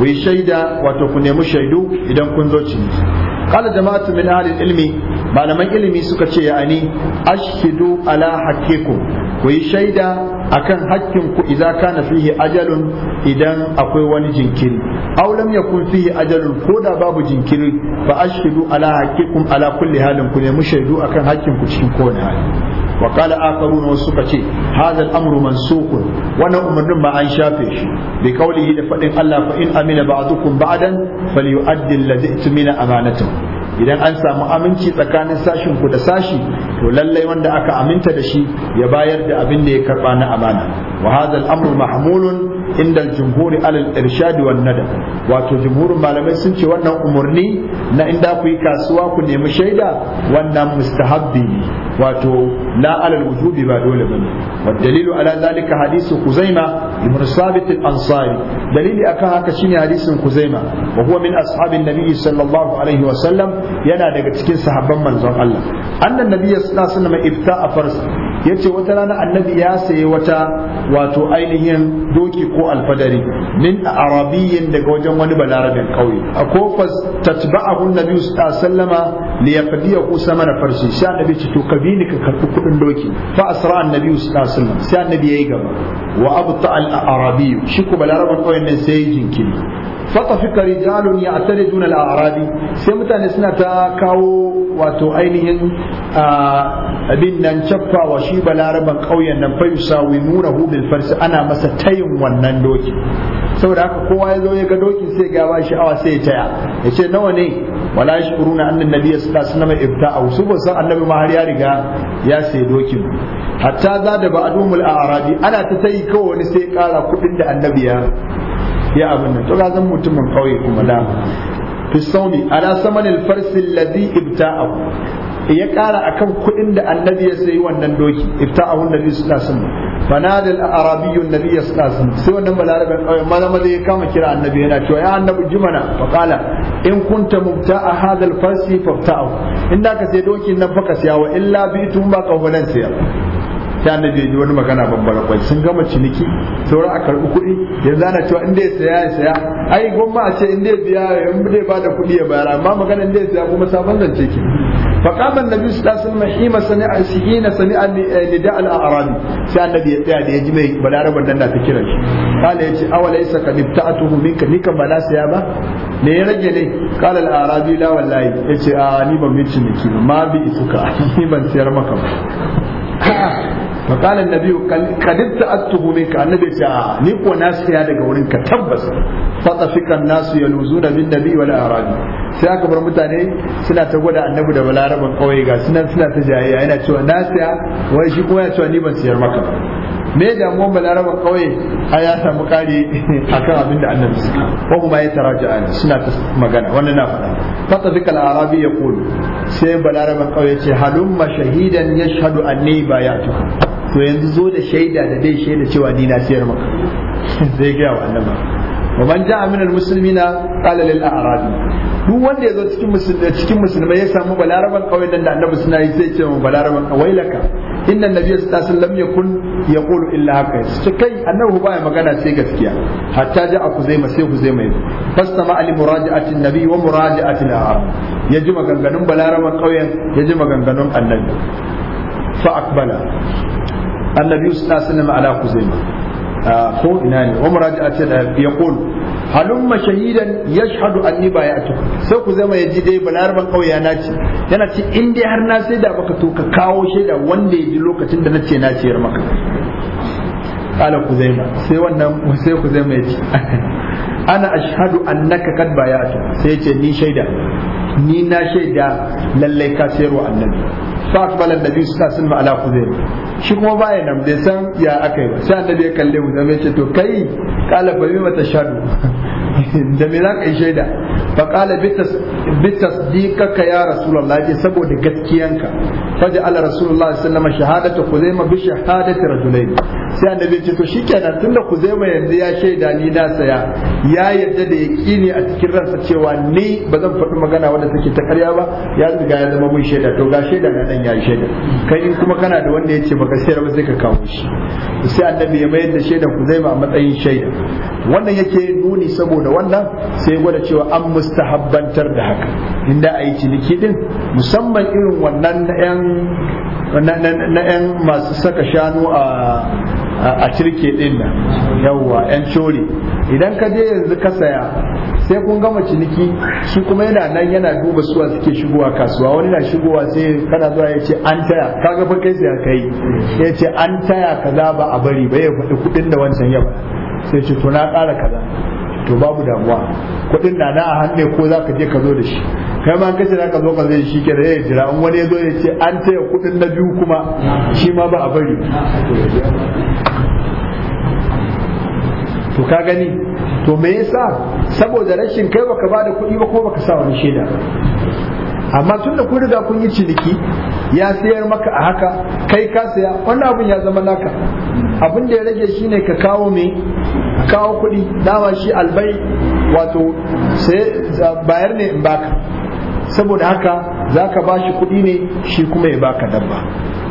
wa shaida wato ku nemi shaidu idan kun zo ciniki qala jama'atu min ahli ilmi malaman ilimi suka ce ya'ani, ashhidu ala haqqikum ku yi shaida akan hakkin ku idza kana fihi ajalun idan akwai wani jinkiri aw lam yakun fihi ajalun ko da babu jinkiri fa ashhidu ala haqqikum ala kulli halin ku ne mu shaidu akan hakkin ku cikin kowane hali wa qala wasu suka ce hadha al-amru mansukun wannan umarnin ma an shafe shi bai bi yi da faɗin Allah fa in amina ba'dukum ba'dan falyu'addi alladhi tumina amanatahu idan an samu aminci tsakanin sashin ku da sashi to lallai wanda aka aminta da shi ya bayar da abin da ya karɓa na amana wa hadha al-amru mahmulun inda jumhuri alal irshadi wan nada wato jumhurin malamai sun ce wannan umarni na inda ku yi kasuwa ku nemi shaida wannan mustahabbi ne wato la alal wujubi ba dole bane wa dalilu ala zalika hadisu kuzaima ibn sabit ansari dalili akan haka shine hadisin kuzaima wa huwa min ashabin sallallahu alaihi wa sallam yana daga cikin sahabban manzon Allah annan nabi sallallahu alaihi wasallam yace wata rana annabi ya sayi wata wato ainihin doki ko alfadari min arabiyyin daga wajen wani balarabin kauye a kofas tatba'ahu nabi sallallahu alaihi wasallam liyaqdiyahu samana farshi sai annabi ce to kabini ka karbi kudin doki fa asra annabi sallallahu alaihi wasallam sai annabi yayi gaba wa abta al al'arabiyu shi ko balaraban ƙauyen nan sai jinkiri fatafika rijalun ya'tariduna al-a'rabi sai mutane suna ta kawo wato ainihin abin nan caffa wa shi balaraban ƙauyen nan fa yusawimunahu hudun farsi ana masa tayin wannan doki saboda haka kowa ya zo ya ga dokin sai ga ba awa sai ya taya ya ce nawa ne wala yashkuruna annan biyar sallallahu alaihi wasallam ibta'u su ba san annabi ma har ya riga ya sai dokin hatta zada ba'dumul a'rabi ana ta tayi wani sai kara kudin da annabi ya ya abin nan to ga zan mutumin kauye kuma da fi sauni ala samanil farsi alladhi ibta'ahu ya kara akan kuɗin da annabi ya sayi wannan doki ibta'ahu annabi sallallahu alaihi wasallam fanada al-arabiyyu annabi sallallahu alaihi wasallam sai wannan balaraban kauyen maza maza ya kama kira annabi yana cewa ya annabi jimana fa qala in kunta mubta'a hadha al-farsi fabta'ahu in da ka sai dokin nan fa ka siya wa illa bi'tum ba qawlan siya sai annabi wani magana babbar kwai sun gama ciniki sauran a karɓi kuɗi yanzu ana cewa inda ya saya ya saya ai gwamma a ce inda ya biya in zai ba da kuɗi ya bayar amma magana inda ya saya kuma sabon zance ki فقام النبي صلى الله عليه وسلم حين سمع حين سمع نداء الاعرابي sai annabi ya tsaya da ya ji mai balaraban nan da ta kira shi kala ya ce awa laysa ka ibta'atuhu minka nika, ba na saya ba me ya rage ne kala al-arabi la wallahi yace a ni ban mici miki ma bi isuka <laughs> ni ban sayar maka ba فقال النبي قد ابتعدته منك النبي جاء نقوى ناس يا دغ ورين كتبس فطفق الناس يلوزون بالنبي ولا اعرابي sai aka bar mutane suna ta gwada annabi da balaraban kauye ga suna suna ta jayayya yana cewa na siya wai shi kuma ya cewa ni ban siyar maka me damuwan balaraban kauye a ya samu kare akan abin da annabi suka ko kuma ya taraja suna ta magana wannan na faɗa fata duka arabi ya kulu sai balaraban kauye ce halumma shahidan yashhadu anni bayatu to yanzu zo da shaida da dai shaida cewa ni na siyar maka <laughs> zai gaya wa annaba wa man ja'a minal muslimina qala lil a'rabi duk wanda yazo cikin musulmai cikin musulmai ya samu balaraban kauyen nan da annabi suna yi sai ce mu balaraban wailaka inna nabiyyu sallallahu alaihi wasallam yakun yaqulu illa haka su kai annabi ba ya magana sai gaskiya hatta ja'a kuzaima sai kuzaima yazo fastama ali muraja'atin nabi wa muraja'atil a'rab yaji maganganun balaraban kauyen yaji maganganun annabi fa akbala annabi sallallahu alaihi wasallam ala kuzaima ko ina ne umar ji a ce da ya kulu halumma shahidan ya yashhadu anni ba ya sai ku zama ya ji dai balarban kauya na ce yana ce in dai har na sai da baka to ka kawo shaida wanda ya ji lokacin da na na ciyar maka kala ku zai sai wannan sai ku zai ci ana ashhadu annaka kad bayatu sai ya ce ni shaida ni na shaida lallai ka sayarwa annabi fa da annabi suka sun ma ala kuzair shi kuma baya nan bai san ya akai ba sai annabi ya kalle mu sai ya ce to kai kala fa mata tashhadu <laughs> da me za ka yi shaida fa bitas bi tasdiqaka ya rasulullah ce saboda gaskiyanka faja ala rasulullah sallallahu alaihi wasallam shahadatu kuzaima bi shahadati rajulain sai annabi ce to shikenan tunda kuzaima yanzu ya shaida ni na saya ya yadda da ne a cikin ransa cewa ni ba zan faɗi magana wanda take ta karya ba ya riga ya zama mun shaida to ga shaida na dan ya shaida kai in kuma kana da wanda ya ce baka sayar ba sai ka kawo shi sai annabi ya mayar da shaidan kuzaima a matsayin shaida wannan yake nuni saboda da wannan sai gwada cewa an mustahabbantar da haka inda a yi ciniki din musamman irin wannan na 'yan masu saka shanu a cirke din nan yawwa 'yan cori idan ka je yanzu ka saya sai kun gama ciniki su kuma yana nan yana duba suwa suke shigowa kasuwa wani na shigowa sai kana zuwa ya ce an taya kaga fa kai sai kai ya ce an taya kaza ba a bari ba ya faɗi kuɗin da wancan yau, sai ce to na ƙara kaza to babu damuwa kuɗin na na a hannu ko za ka je ka zo da shi kai ma kace za ka zo ka zai shi ke da ya jira in wani ya zo ya ce an taya kuɗin na biyu kuma shi ma ba a bari to ka gani to me yasa saboda rashin kai baka bada kuɗi ba ko baka sa wani shaida amma tun da kun riga kun yi ciniki ya sayar maka a haka kai ka saya wannan abun ya zama naka abin da ya rage shine ka kawo me kawo kuɗi dama shi albai wato bayar ne in baka saboda haka za ka ba shi kuɗi ne shi kuma ya baka dabba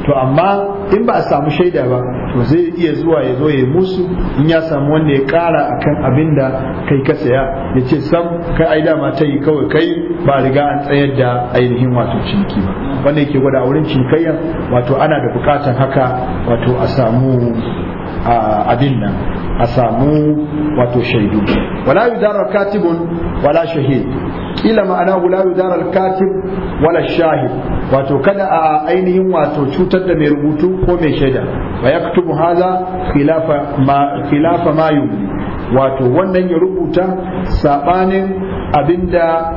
to amma in ba a samu shaida ba to zai iya zuwa ya zo ya musu in ya samu wanda ya kara a kan abin da kai ka saya ya ce sam kai ai dama ta yi kawai kai ba riga an tsayar da ainihin wato ciniki ba wanda yake gwada a wurin cinikayyar wato ana da bukatan haka wato a samu abin nan a samu wato shaidu wala yudara katibun wala shahid kila ma'ana la yudara katib wala shahid wato kada a ainihin wato cutar da mai rubutu ko mai shaida wa yaktubu hadha khilafa ma khilafa ma wato wannan ya rubuta sabanin abinda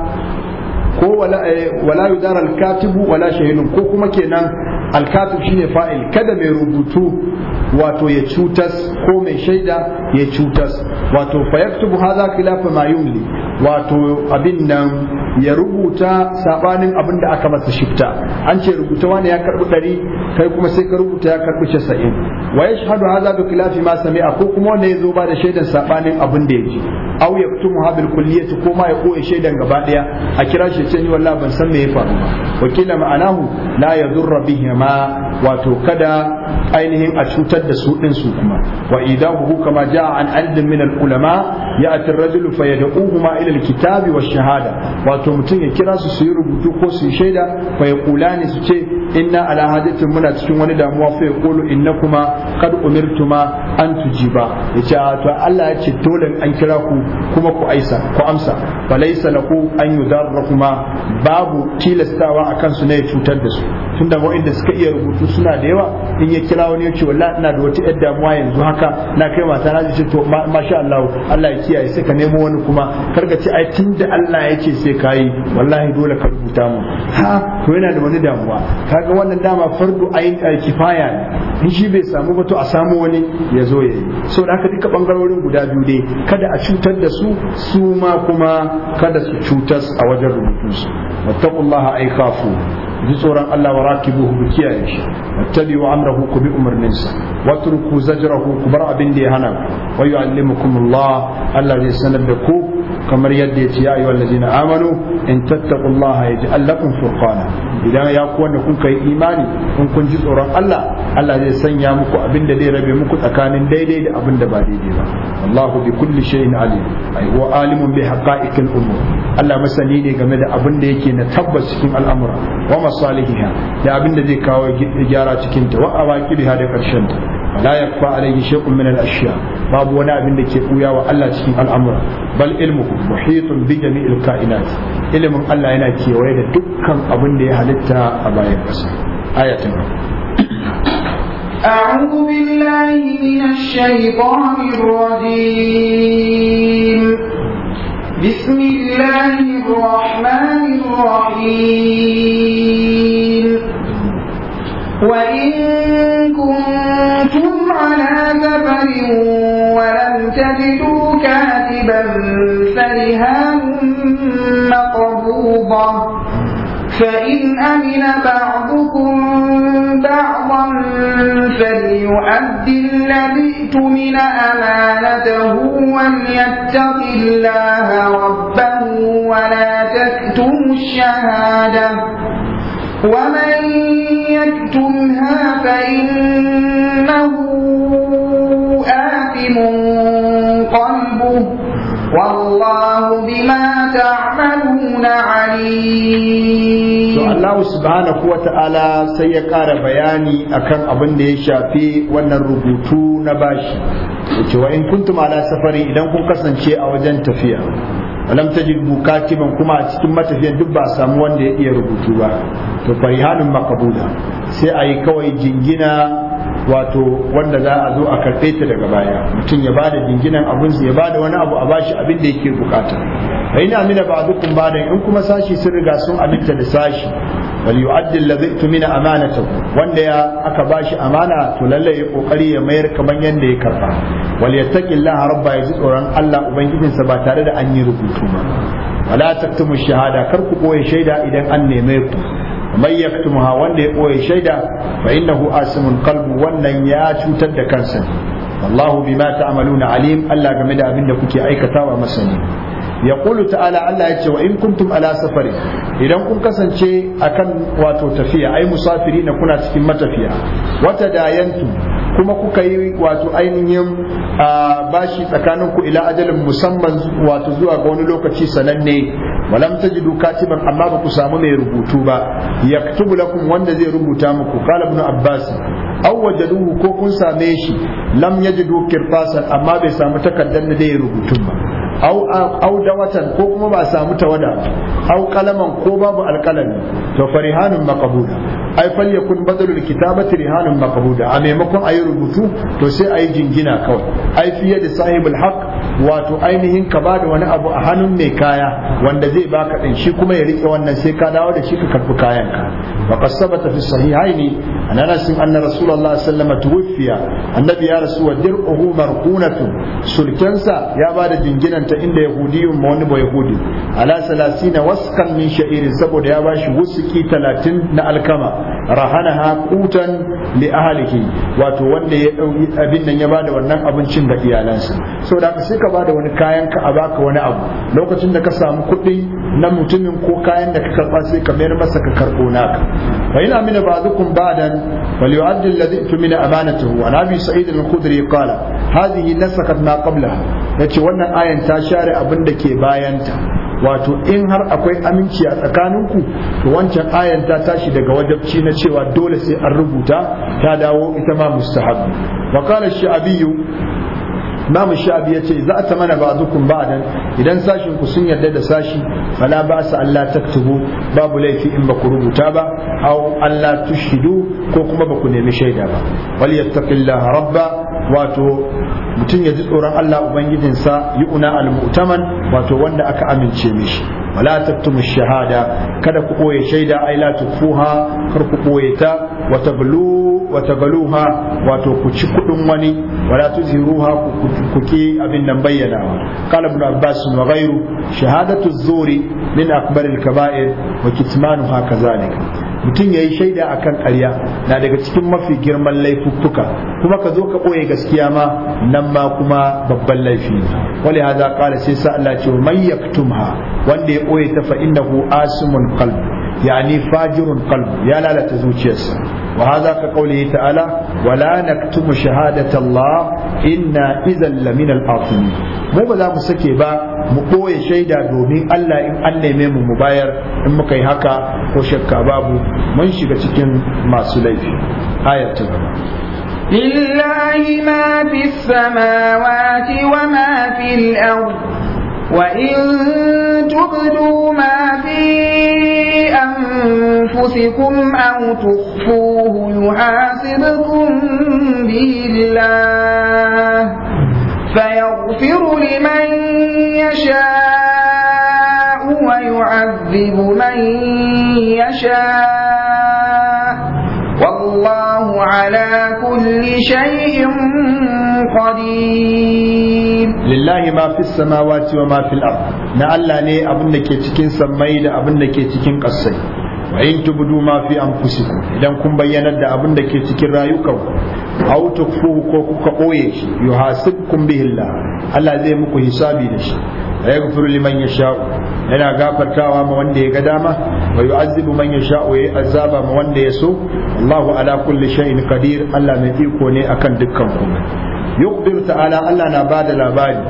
ko wala eh, yudara alkatibu wala shahidun ko kuma kenan alkatib shine fa'il kada mai rubutu wato ya cutas ko mai shaida ya cutas wato fa yaktubu hadha khilafa ma yumli wato abin nan ya rubuta sabanin abin da aka masa shifta an ce rubuta wani ya karbi ɗari kai kuma sai ka rubuta ya karbi casa'in wa yashhadu hadha bi khilafi ma sami'a ko kuma wanda ya zo ba da shaidan sabanin abin da ya ji aw yaktumu ya kulliyati ko ma ya koya shaidan gaba daya a kira shi ce ni wallahi ban san me ya faru ba wakila ma'anahu la yadurra bihi ma wato kada ainihin a cutar da su din su kuma wa idahu kama jaa an aldin min ulama ya'ti ar-rajulu fayad'uhuma ila al-kitabi wa shahada wato mutum ya kira su su yi rubutu ko su yi shaida fa yaqulani su ce inna ala hajatin muna cikin wani damuwa fa yaqulu innakuma qad umirtuma an tujiba yace to Allah yace ce dole an kira ku kuma ku aisa ku amsa falaysa lahu an yudarrakuma babu tilastawa akan su ne cutar da su tunda wa'inda suka iya rubutu suna da yawa in ya kira wani yace, wallahi ina da wata yar damuwa yanzu haka na kai mata na ce to masha Allah Allah ya kiyaye sai ka nemo wani kuma karka ce ai tunda Allah ya ce sai ka yi wallahi dole ka rubuta mu ha to yana da wani damuwa kaga wannan dama fardu ayin kifaya in shi bai samu ba to a samu wani ya zo ya yi so da haka duka bangarorin guda biyu dai kada a cutar da su su ma kuma kada su cutar a wajen rubutu su wattaqullaha ay khafu ji tsoron Allah wa rakibuhu ku kiyaye shi wattabi'u amrahu ku bi umarninsa watruku zajrahu ku bar abin da ya hana ku wa yu'allimukumullah Allah zai sanar da ku kamar yadda ya ce ya ayyuhal na amanu in tattaqullaha yaj'al lakum furqana idan ya ku wanda kun kai imani kun kun ji tsoron Allah Allah zai sanya muku abinda da zai rabe muku tsakanin daidai da abin da ba daidai ba Allahu bi kulli shay'in alim ai huwa alimun bi haqa'iqil umur Allah masani ne game da abinda yake na tabbas cikin al'amura wa masalihiha da abinda zai kawo gyara cikin ta wa awaqibiha da karshen ta la yakfa alayhi shay'un min al-ashya babu wani abin da ke buya wa Allah cikin al'amura bal ilmuhu muhitun bi jami'il kainat ilmin Allah yana kewaye da dukkan abin da ya halitta a bayan ƙasa ayatin أعوذ بالله من الشيطان الرجيم بسم الله الرحمن الرحيم وإن الفروضة فإن أمن بعضكم بعضا فليؤد الذي اؤتمن أمانته وليتق الله ربه ولا تكتم الشهادة ومن يكتمها فإنه آثم قلبه والله بما تعملون Allah subhanahu wa ta'ala sai ya kara bayani akan abin da ya shafi wannan rubutu na bashi. Wace wa in ma ala safari idan kun kasance a wajen tafiya. Alam ta jirgu katiban kuma a cikin matafiyan duk ba samu wanda ya iya rubutu ba. To fari halin makabuda. Sai a yi kawai jingina wato wanda za a zo a karfe ta daga baya mutum ya bada jinginan abin ya bada wani abu a bashi abin da yake bukata bai ina mina ba'dukum bada in kuma sashi sun riga sun aminta da sashi wal yu'addi amana ta ku wanda ya aka bashi amana to lalle ya kokari ya mayar kaman yanda ya karba wal yattaqillaha rabba ya ji tsoron Allah sa ba tare da an yi rubutu ba wala taktumu shahada kar ku boye shaida idan an neme ku man yaktumuha wanda ya koye shaida fa innahu asimun qalbu wannan ya cutar da kansa wallahu amalu na alim Allah game da abin da kuke aikatawa masani yaqulu ta'ala Allah yace wa in kuntum ala safari idan kun kasance akan wato tafiya ai musafiri na kuna cikin matafiya wata dayantu kuma kuka yi wato ainihin bashi tsakanin ku ila ajalin musamman wato zuwa ga wani lokaci sananne walam tajidu katiban amma ba ku samu mai rubutu ba yaktubu lakum wanda zai rubuta muku qala ibn abbas aw wajaduhu ko kun same shi lam yajidu kirtasan amma bai samu takardar da zai rubutun ba au dawatan ko kuma ba samu tawada au kalaman ko babu alkalami to farihanun maqbula ai fal yakun badalul kitabati rihanun maqbuda a maimakon ayi rubutu to sai ayi jingina kawai ai fiye da sahibul haq wato ainihin ka bada wani abu a hannun mai kaya wanda zai baka din shi kuma ya rike wannan sai ka dawo da shi ka karbi kayan ka wa qasabata fi sahihaini an anas anna rasulullah sallallahu alaihi wasallam tuwfiya annabi ya rasu wa dir'uhu marqunatun sulkensa ya bada ta inda yahudiyun ma wani ba yahudi ala salasina waskan min sha'irin saboda ya bashi wusuki talatin na alkama rahanaha qutan li ahlihi wato wanda ya dauki abin nan ya bada wannan abincin ga iyalansa so da sai ka bada wani kayan ka a baka wani abu lokacin da ka samu kuɗi na mutumin ko kayan da ka karba sai ka mayar masa ka karbo naka fa ina mina ba'dukum ba'dan wal yu'addi alladhi tumina amanatahu wa nabi sa'id al-khudri qala hadhihi nasakat ma qablaha yace wannan ayan ta share abin da ke bayanta wato in har akwai aminci a tsakaninku to wancan ayan ta tashi daga wajabci na cewa dole sai an rubuta ta dawo ita ma mustahab wa qala sha'biyyu Imam Shabi ya ce za a tamana ba ba'dan idan sashin ku sun yarda da sashi fala ba sa Allah taktubu babu laifi in ba ku rubuta ba aw Allah tushidu ko kuma ba ku nemi shaida ba wal yattaqillaha rabba wato mutum ya ji tsoron Allah ubangijinsa yi al-mu'taman wato wanda aka amince mishi wala tattumu shahada kada ku koye shaida ai la tufuha kar ku koye ta wata tablu wato ku ci kudin wani wala tuziruha ku ki abin nan bayyana qala ibn abbas wa ghayru shahadatu zuri min akbar al-kaba'ir wa kitmanuha kadhalika mutum ya yi shaida a kan ƙarya na daga cikin mafi girman laifuffuka kuma ka zo ka ɓoye gaskiya ma nan ma kuma babban laifi ne wale haza ƙara sai sa Allah ce man yaktumha wanda ya ɓoye ta fa innahu asimun qalb yani fajirun qalbu ya lalata zuciyarsa wa hadha ka qawlihi ta'ala wa la naktumu shahadata Allah inna idhan lamina al-athimin mu ba za mu sake ba mu ɓoye shaida domin Allah in an neme mu mu bayar in muka yi haka ko shakka babu mun shiga cikin masu laifi ayar ta gaba lillahi wa ma fil ard wa in tubdu أنفسكم أو تخفوه يحاسبكم به الله فيغفر لمن يشاء ويعذب من يشاء والله على كل شيء قدير لله ما في السماوات وما في الأرض na Allah ne abin da ke cikin sammai da abin da ke cikin ƙasai fa in tubdu ma fi idan kun bayyanar da abin da ke cikin rayukan aw tukfuhu ko kuka koye shi yuhasibkum bihi Allah Allah zai muku hisabi da shi wa yaghfiru liman sha'u yana gafartawa ma wanda ya ga dama wa yu'azzibu man sha'u ya azaba ma wanda ya so Allahu ala kulli shay'in qadir Allah mai iko ne akan dukkan ku yuqdiru ta'ala Allah na bada labari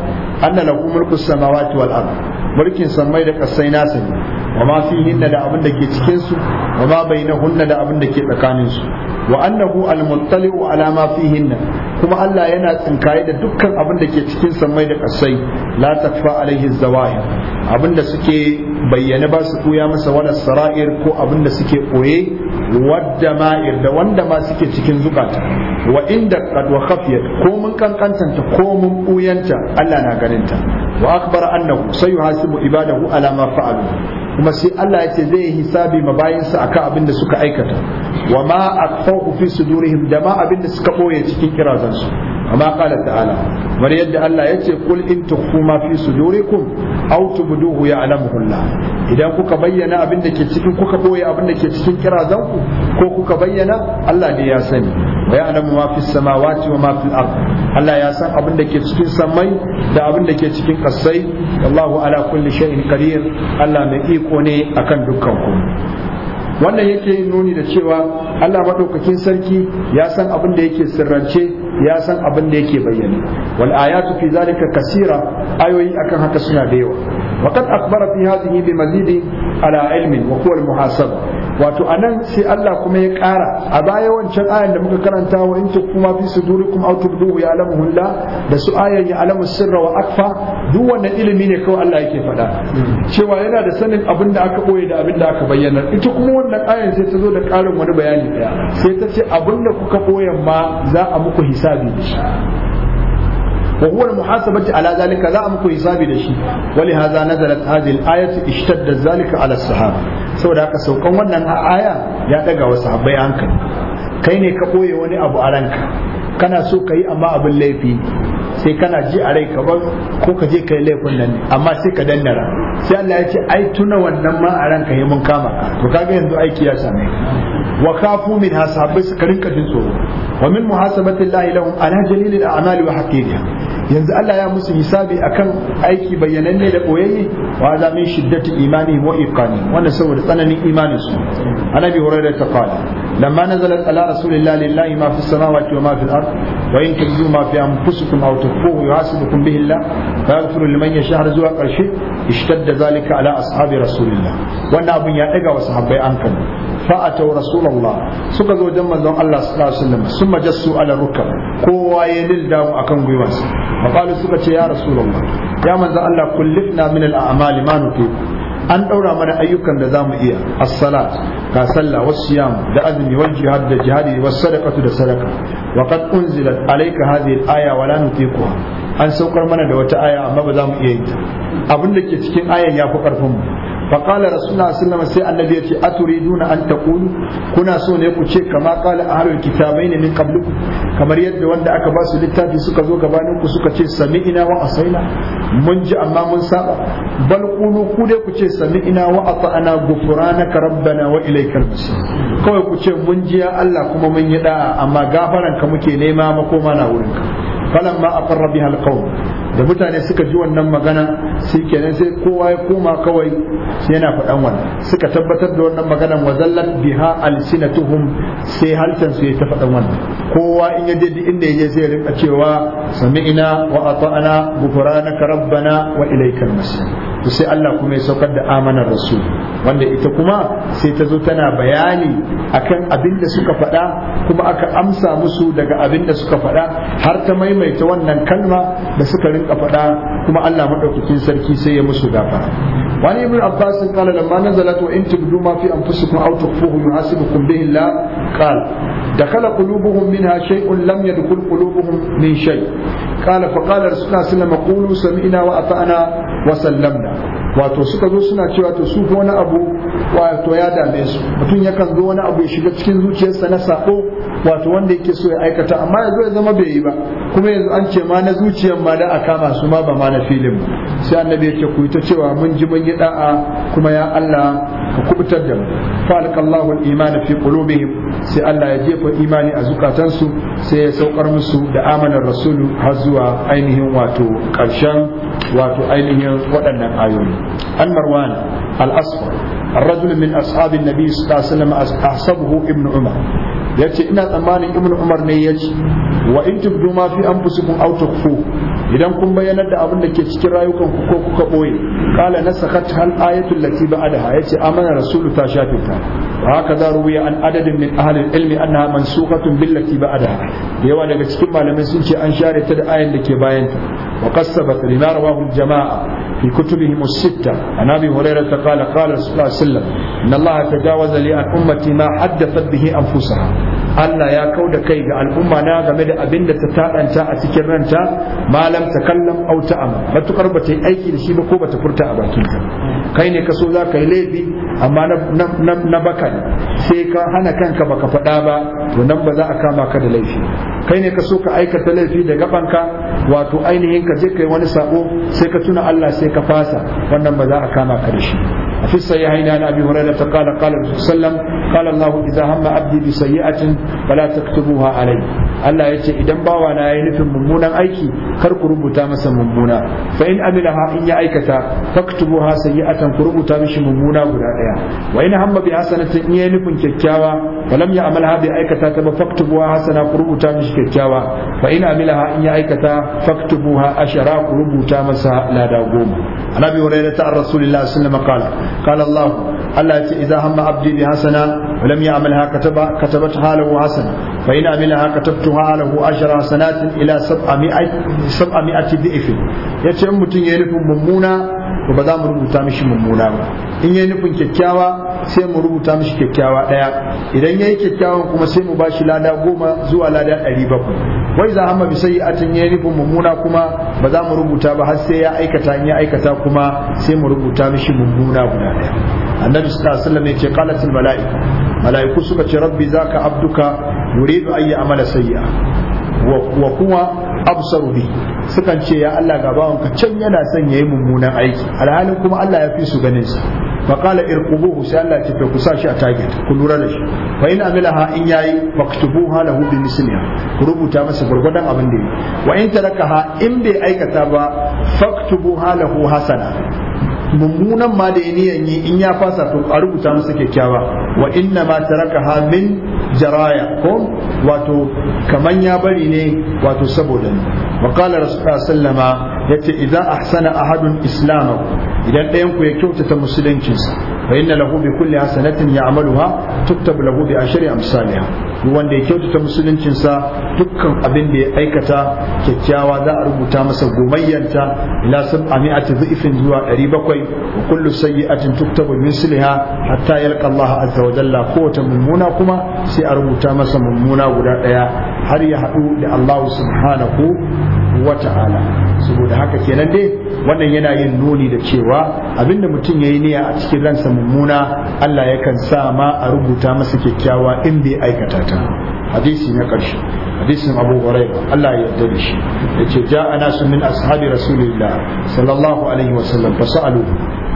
anna lahu mulku samawati wal ard mulkin samai da kasai nasa ne wa ma fihinna da abin da ke cikin su bai na hunna da abin da ke tsakanin su wa annahu al-muttali'u ala ma fihinna kuma Allah yana tsinkaye da dukkan abin da ke cikin samai da kasai la takfa alaihi zawahir abin da suke bayyane ba su kuya masa wani sara'ir ko abin da suke koye wadda ma'ir da wanda ma suke cikin zukata wa inda qad wa khafiyat ko mun kankantanta ko mun kuyanta Allah na ta. wa akbara annahu sayuhasibu ibadahu ala ma fa'alu kuma sai Allah ya ce zai yi hisabi ma bayinsa akan abin da suka aikata wa ma akfahu fi sudurihim da ma abin da suka ɓoye cikin kiraza? kansu amma qala ta'ala yadda Allah yace kul in tukhfu ma fi sudurikum aw tubduhu ya'lamuhu Allah idan kuka bayyana abin da ke cikin kuka boye abin da ke cikin kirazan ku ko kuka bayyana Allah ne ya sani wa ya'lamu ma fi samawati wa ma fil ard Allah ya san abin da ke cikin samai da abin da ke cikin kasai Allahu ala kulli shay'in qadir Allah mai iko ne akan dukkan ku wannan yake nuni da cewa Allah madaukakin sarki ya san abin da yake sirrance ya san abin da yake bayyana wal ayatu fi zalika kasira ayoyi akan haka suna da yawa wa akbara akhbara fi hadhihi bi mazidi ala ilmin wa huwa al muhasaba wato anan sai Allah kuma ya ƙara a baya wancan ayan da muka karanta wa in kuma fi sudurikum aw tubduhu ya'lamuhu Allah da su ayan ya'lamu sirra wa akfa duk wannan ilimi ne kawai Allah yake faɗa cewa yana da sanin abin da aka boye da abin da aka bayyana ita kuma wannan ayan sai ta zo da ƙarin wani bayani daya sai ta ce abin da kuka boyen ma za a muku hisabi وهو المحاسبة على ذلك لا أمكن حسابي لشيء ولهذا نزلت هذه الآية اشتد ذلك على الصحابة saboda haka saukan wannan aya ya daga wasu habbai hankali kai ne ka ɓoye wani abu a ranka kana so ka yi amma abin laifi sai kana ji a rai kaba ko ka je kai laifin nan amma sai ka dandara sai Allah ya ce ai tuna wannan ma a ranka yi mun kama to kaga yanzu aiki ya same ka wa kafu min hasabai suka rinka jin tsoro wa min da llahi lahum ala jalil al-a'mali wa haqiqa yanzu Allah ya musu hisabi akan aiki bayyananne da boyayye wa za min shiddati imani wa iqani wannan saboda tsananin imanin su annabi da ta qala lamma nazalat ala rasulillahi lillahi ma fi samawati wa ma fi al-ard wa in tubdu ma fi anfusikum aw tukhfuhu yuhasibukum bihi Allah fa yaghfiru liman yasha har zuwa karshe ishtadda zalika ala ashabi rasulillah wannan abun ya daga wa sahabbai an kan fa suka zo dan manzon Allah thumma jassu ala rukab kowa ya lilda mu akan su. makalu suka ce ya rasulullah ya manzo Allah kullifna min al a'mali ma nuqiku an ɗaura mana ayyukan da za mu iya as-salat ka sallah was siyam da azumi wal jihad da jihadi wa sadaqatu da sadaqa wa qad unzilat alayka hadhihi al-aya wa la nutiquha an saukar mana da wata aya amma ba za mu iya yin ta abin da ke cikin ayan ya fi karfin mu فقال رسول الله صلى الله عليه وسلم سي اتريدون ان تقولوا كنا so ne ku ce kama qala ahlul ne min kamar yadda wanda aka ba su littafi suka zo gabanin ku suka ce ina wa asaina mun ji amma mun saba bal qulu ku dai ku ce sami'ina wa ata'ana ghufranaka rabbana wa ilaykal masir kawai ku ce mun ji ya Allah kuma mun yi da amma gafaranka muke nema makoma na wurinka falamma aqarra biha alqawm da mutane suka ji wannan magana sai kenan sai kowa ya koma kawai yana faɗan wannan suka tabbatar da wannan maganan wa zallat biha alsinatuhum sai haltan su ya ta faɗan wannan kowa in ya je duk inda ya je sai rinka cewa sami'na wa ata'na ghufranaka rabbana wa ilaykal masir to sai Allah kuma ya saukar da amanar rasul wanda ita kuma sai ta zo tana bayani akan abin da suka faɗa kuma aka amsa musu daga abin da suka faɗa har ta maimaita wannan kalma da suka rinka faɗa kuma Allah maɗaukakin sarki sai ya musu gafara وعن ابن عباس قال لما نزلت وإن تبدوا ما في أنفسكم أو تخفوه يحاسبكم به الله قال دخل قلوبهم منها شيء لم يدخل قلوبهم من شيء قال فقال رسول الله صلى الله عليه وسلم قولوا سمعنا وأطعنا وسلمنا wato suka zo suna cewa to su wani abu wato ya dame su mutum yakan zo wani abu ya shiga cikin zuciyarsa na sako wato wanda yake so ya aikata amma yanzu ya zama bai yi ba kuma yanzu an ce ma na zuciyar ma da aka kama su ma ba ma na filin ba sai annabi yake ku ta cewa mun ji mun yi da'a kuma ya Allah ka kubutar da mu fa al-iman fi qulubihim sai Allah ya jefa imani a zukatansu sai ya saukar musu da amanar rasulu har zuwa ainihin wato ƙarshen wato ainihin waɗannan ayoyi an marwan al-asfar الرجل من أصحاب النبي صلى الله عليه وسلم yace ina tsammanin ibn umar ne ya ce wa in tubdu ma fi anfusikum aw tukhfu idan kun bayyanar da abin da ke cikin rayukan ku ko kuka boye qala nasakat hal ayatu allati ba'daha yace amana rasulu ta shafe ta hakaza ruwiya an adadin min ahli ilmi annaha mansukhatun billati da yawa daga cikin malamai sun ce an share ta da ayan da ke bayan ta wa qasabat lima rawahu al-jama'a fi kutubihim as-sitta an abi hurairah qala qala sallallahu alaihi wasallam inna allaha tajawaza li ummati ma haddathat bihi anfusaha Allah ya kau da kai ga al'umma na game da abin da ta taɗanta a cikin ranta malam ta kallon auta am matukar ba ta yi aiki da shi ba ko ba ta furta a bakinta kai ne ka so za ka yi laifi amma na baka sai ka hana kanka ba ka faɗa ba to nan ba za a kama ka da laifi kai ne ka so ka aikata laifi da gabanka wato ainihin ka je kai wani sako sai ka tuna Allah sai ka fasa wannan ba za a kama ka da shi في الصحيحين عن ابي هريره قال قال النبي صلى الله عليه وسلم قال الله اذا هم عبدي بسيئه فلا تكتبوها عليه Allah ya ce idan bawa na yi nufin mummunan aiki kar ku rubuta masa mummuna fa in amilaha in ya aikata faktubuha sayyi'atan ku rubuta mishi mummuna guda daya wa in hamma bi hasanatin in yayi nufin kyakkyawa falam ya amalha bi aikata ta ba faktubuha hasana ku rubuta mishi kyakkyawa fa in amilaha in ya aikata faktubuha ashara ku rubuta masa lada goma annabi hurairah ta rasulullah sallallahu alaihi wasallam qala Allah Allah ya ce idza hamma abdi bi hasana falam ya amalha kataba katabat halahu hasana fa in amilaha katabtu فكفارتها له أجر سنة إلى سبعمائة yace mutum ya yi nufin mummuna to ba za mu rubuta mishi mummuna ba in yayi nufin kyakkyawa sai mu rubuta mishi kyakkyawa daya idan yayi kyakkyawan kuma sai mu ba shi lada goma zuwa lada ɗari bakwai wai za hamma bi ya yayi nufin mummuna kuma ba za mu rubuta ba har sai ya aikata in ya aikata kuma sai mu rubuta mishi mummuna guda daya annabi sallallahu alaihi wasallam ya ce mala'ika mala'iku suka ce rabbi zaka abduka yuridu ayi amala sayya wa kuma absaru bi sukan ce ya Allah ga bawon ka can yana son yayi mummunan aiki alhalin kuma Allah ya fi su ganin sa fa qala irqubuhu sai Allah ce ta kusa shi a target ku lura da shi fa in ha in yayi maktubuha lahu bi misliha ku rubuta masa gurgudan abin da wa in ha in bai aikata ba faktubuha lahu hasana mummunan ma da ya niyan yi in ya fasa to a rubuta masa kyakkyawa wa inna ma taraka ha min jaraya ko wato kaman ya bari ne wato saboda ne wa qala rasulullah sallama yace idza ahsana ahadun islama idan ɗayan ku ya kyautata musuluncinsa fa inna lahu bi kulli hasanatin ya'maluha tuktab lahu bi ashri amsalha wanda ya kyautata musuluncinsa dukkan abin da ya aikata kyakkyawa za a rubuta masa gomayyanta ila sab'ami'ati dhifin zuwa 700 wa kullu sayyi'atin tuktabu misliha hatta yalqa Allah azza wa jalla kowace mummuna kuma sai a rubuta masa mummuna guda daya har ya hadu da Allah subhanahu wa ta'ala saboda haka kenan dai wannan yana yin nuni da cewa abinda mutum ya yi niyya a cikin ransa mummuna Allah yakan sa ma a rubuta masa kyakkyawa in bai aikata ambata hadisi na ƙarshe hadisin abu Allah ya yarda da shi ja a nasu min ashabi rasulillah sallallahu alaihi wasallam alu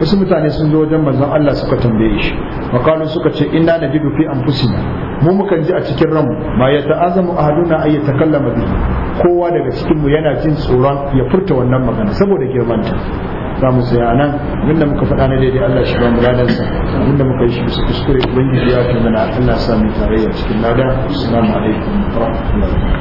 wasu mutane sun zo wajen manzon Allah suka tambaye shi makalu suka ce inna jidu fi anfusina mu mukan ji a cikin ranmu ma ya ta'azamu ahaduna ay yatakallama bihi kowa daga cikin mu yana jin tsoron ya furta wannan magana saboda girmanta za mu tsaya a nan abinda muka faɗa na daidai Allah shi ba mu ladansa abinda muka yi shi bisa kuskure ubangiji ya fi mana Allah sa mu tarayya cikin lada assalamu alaikum wa rahmatullahi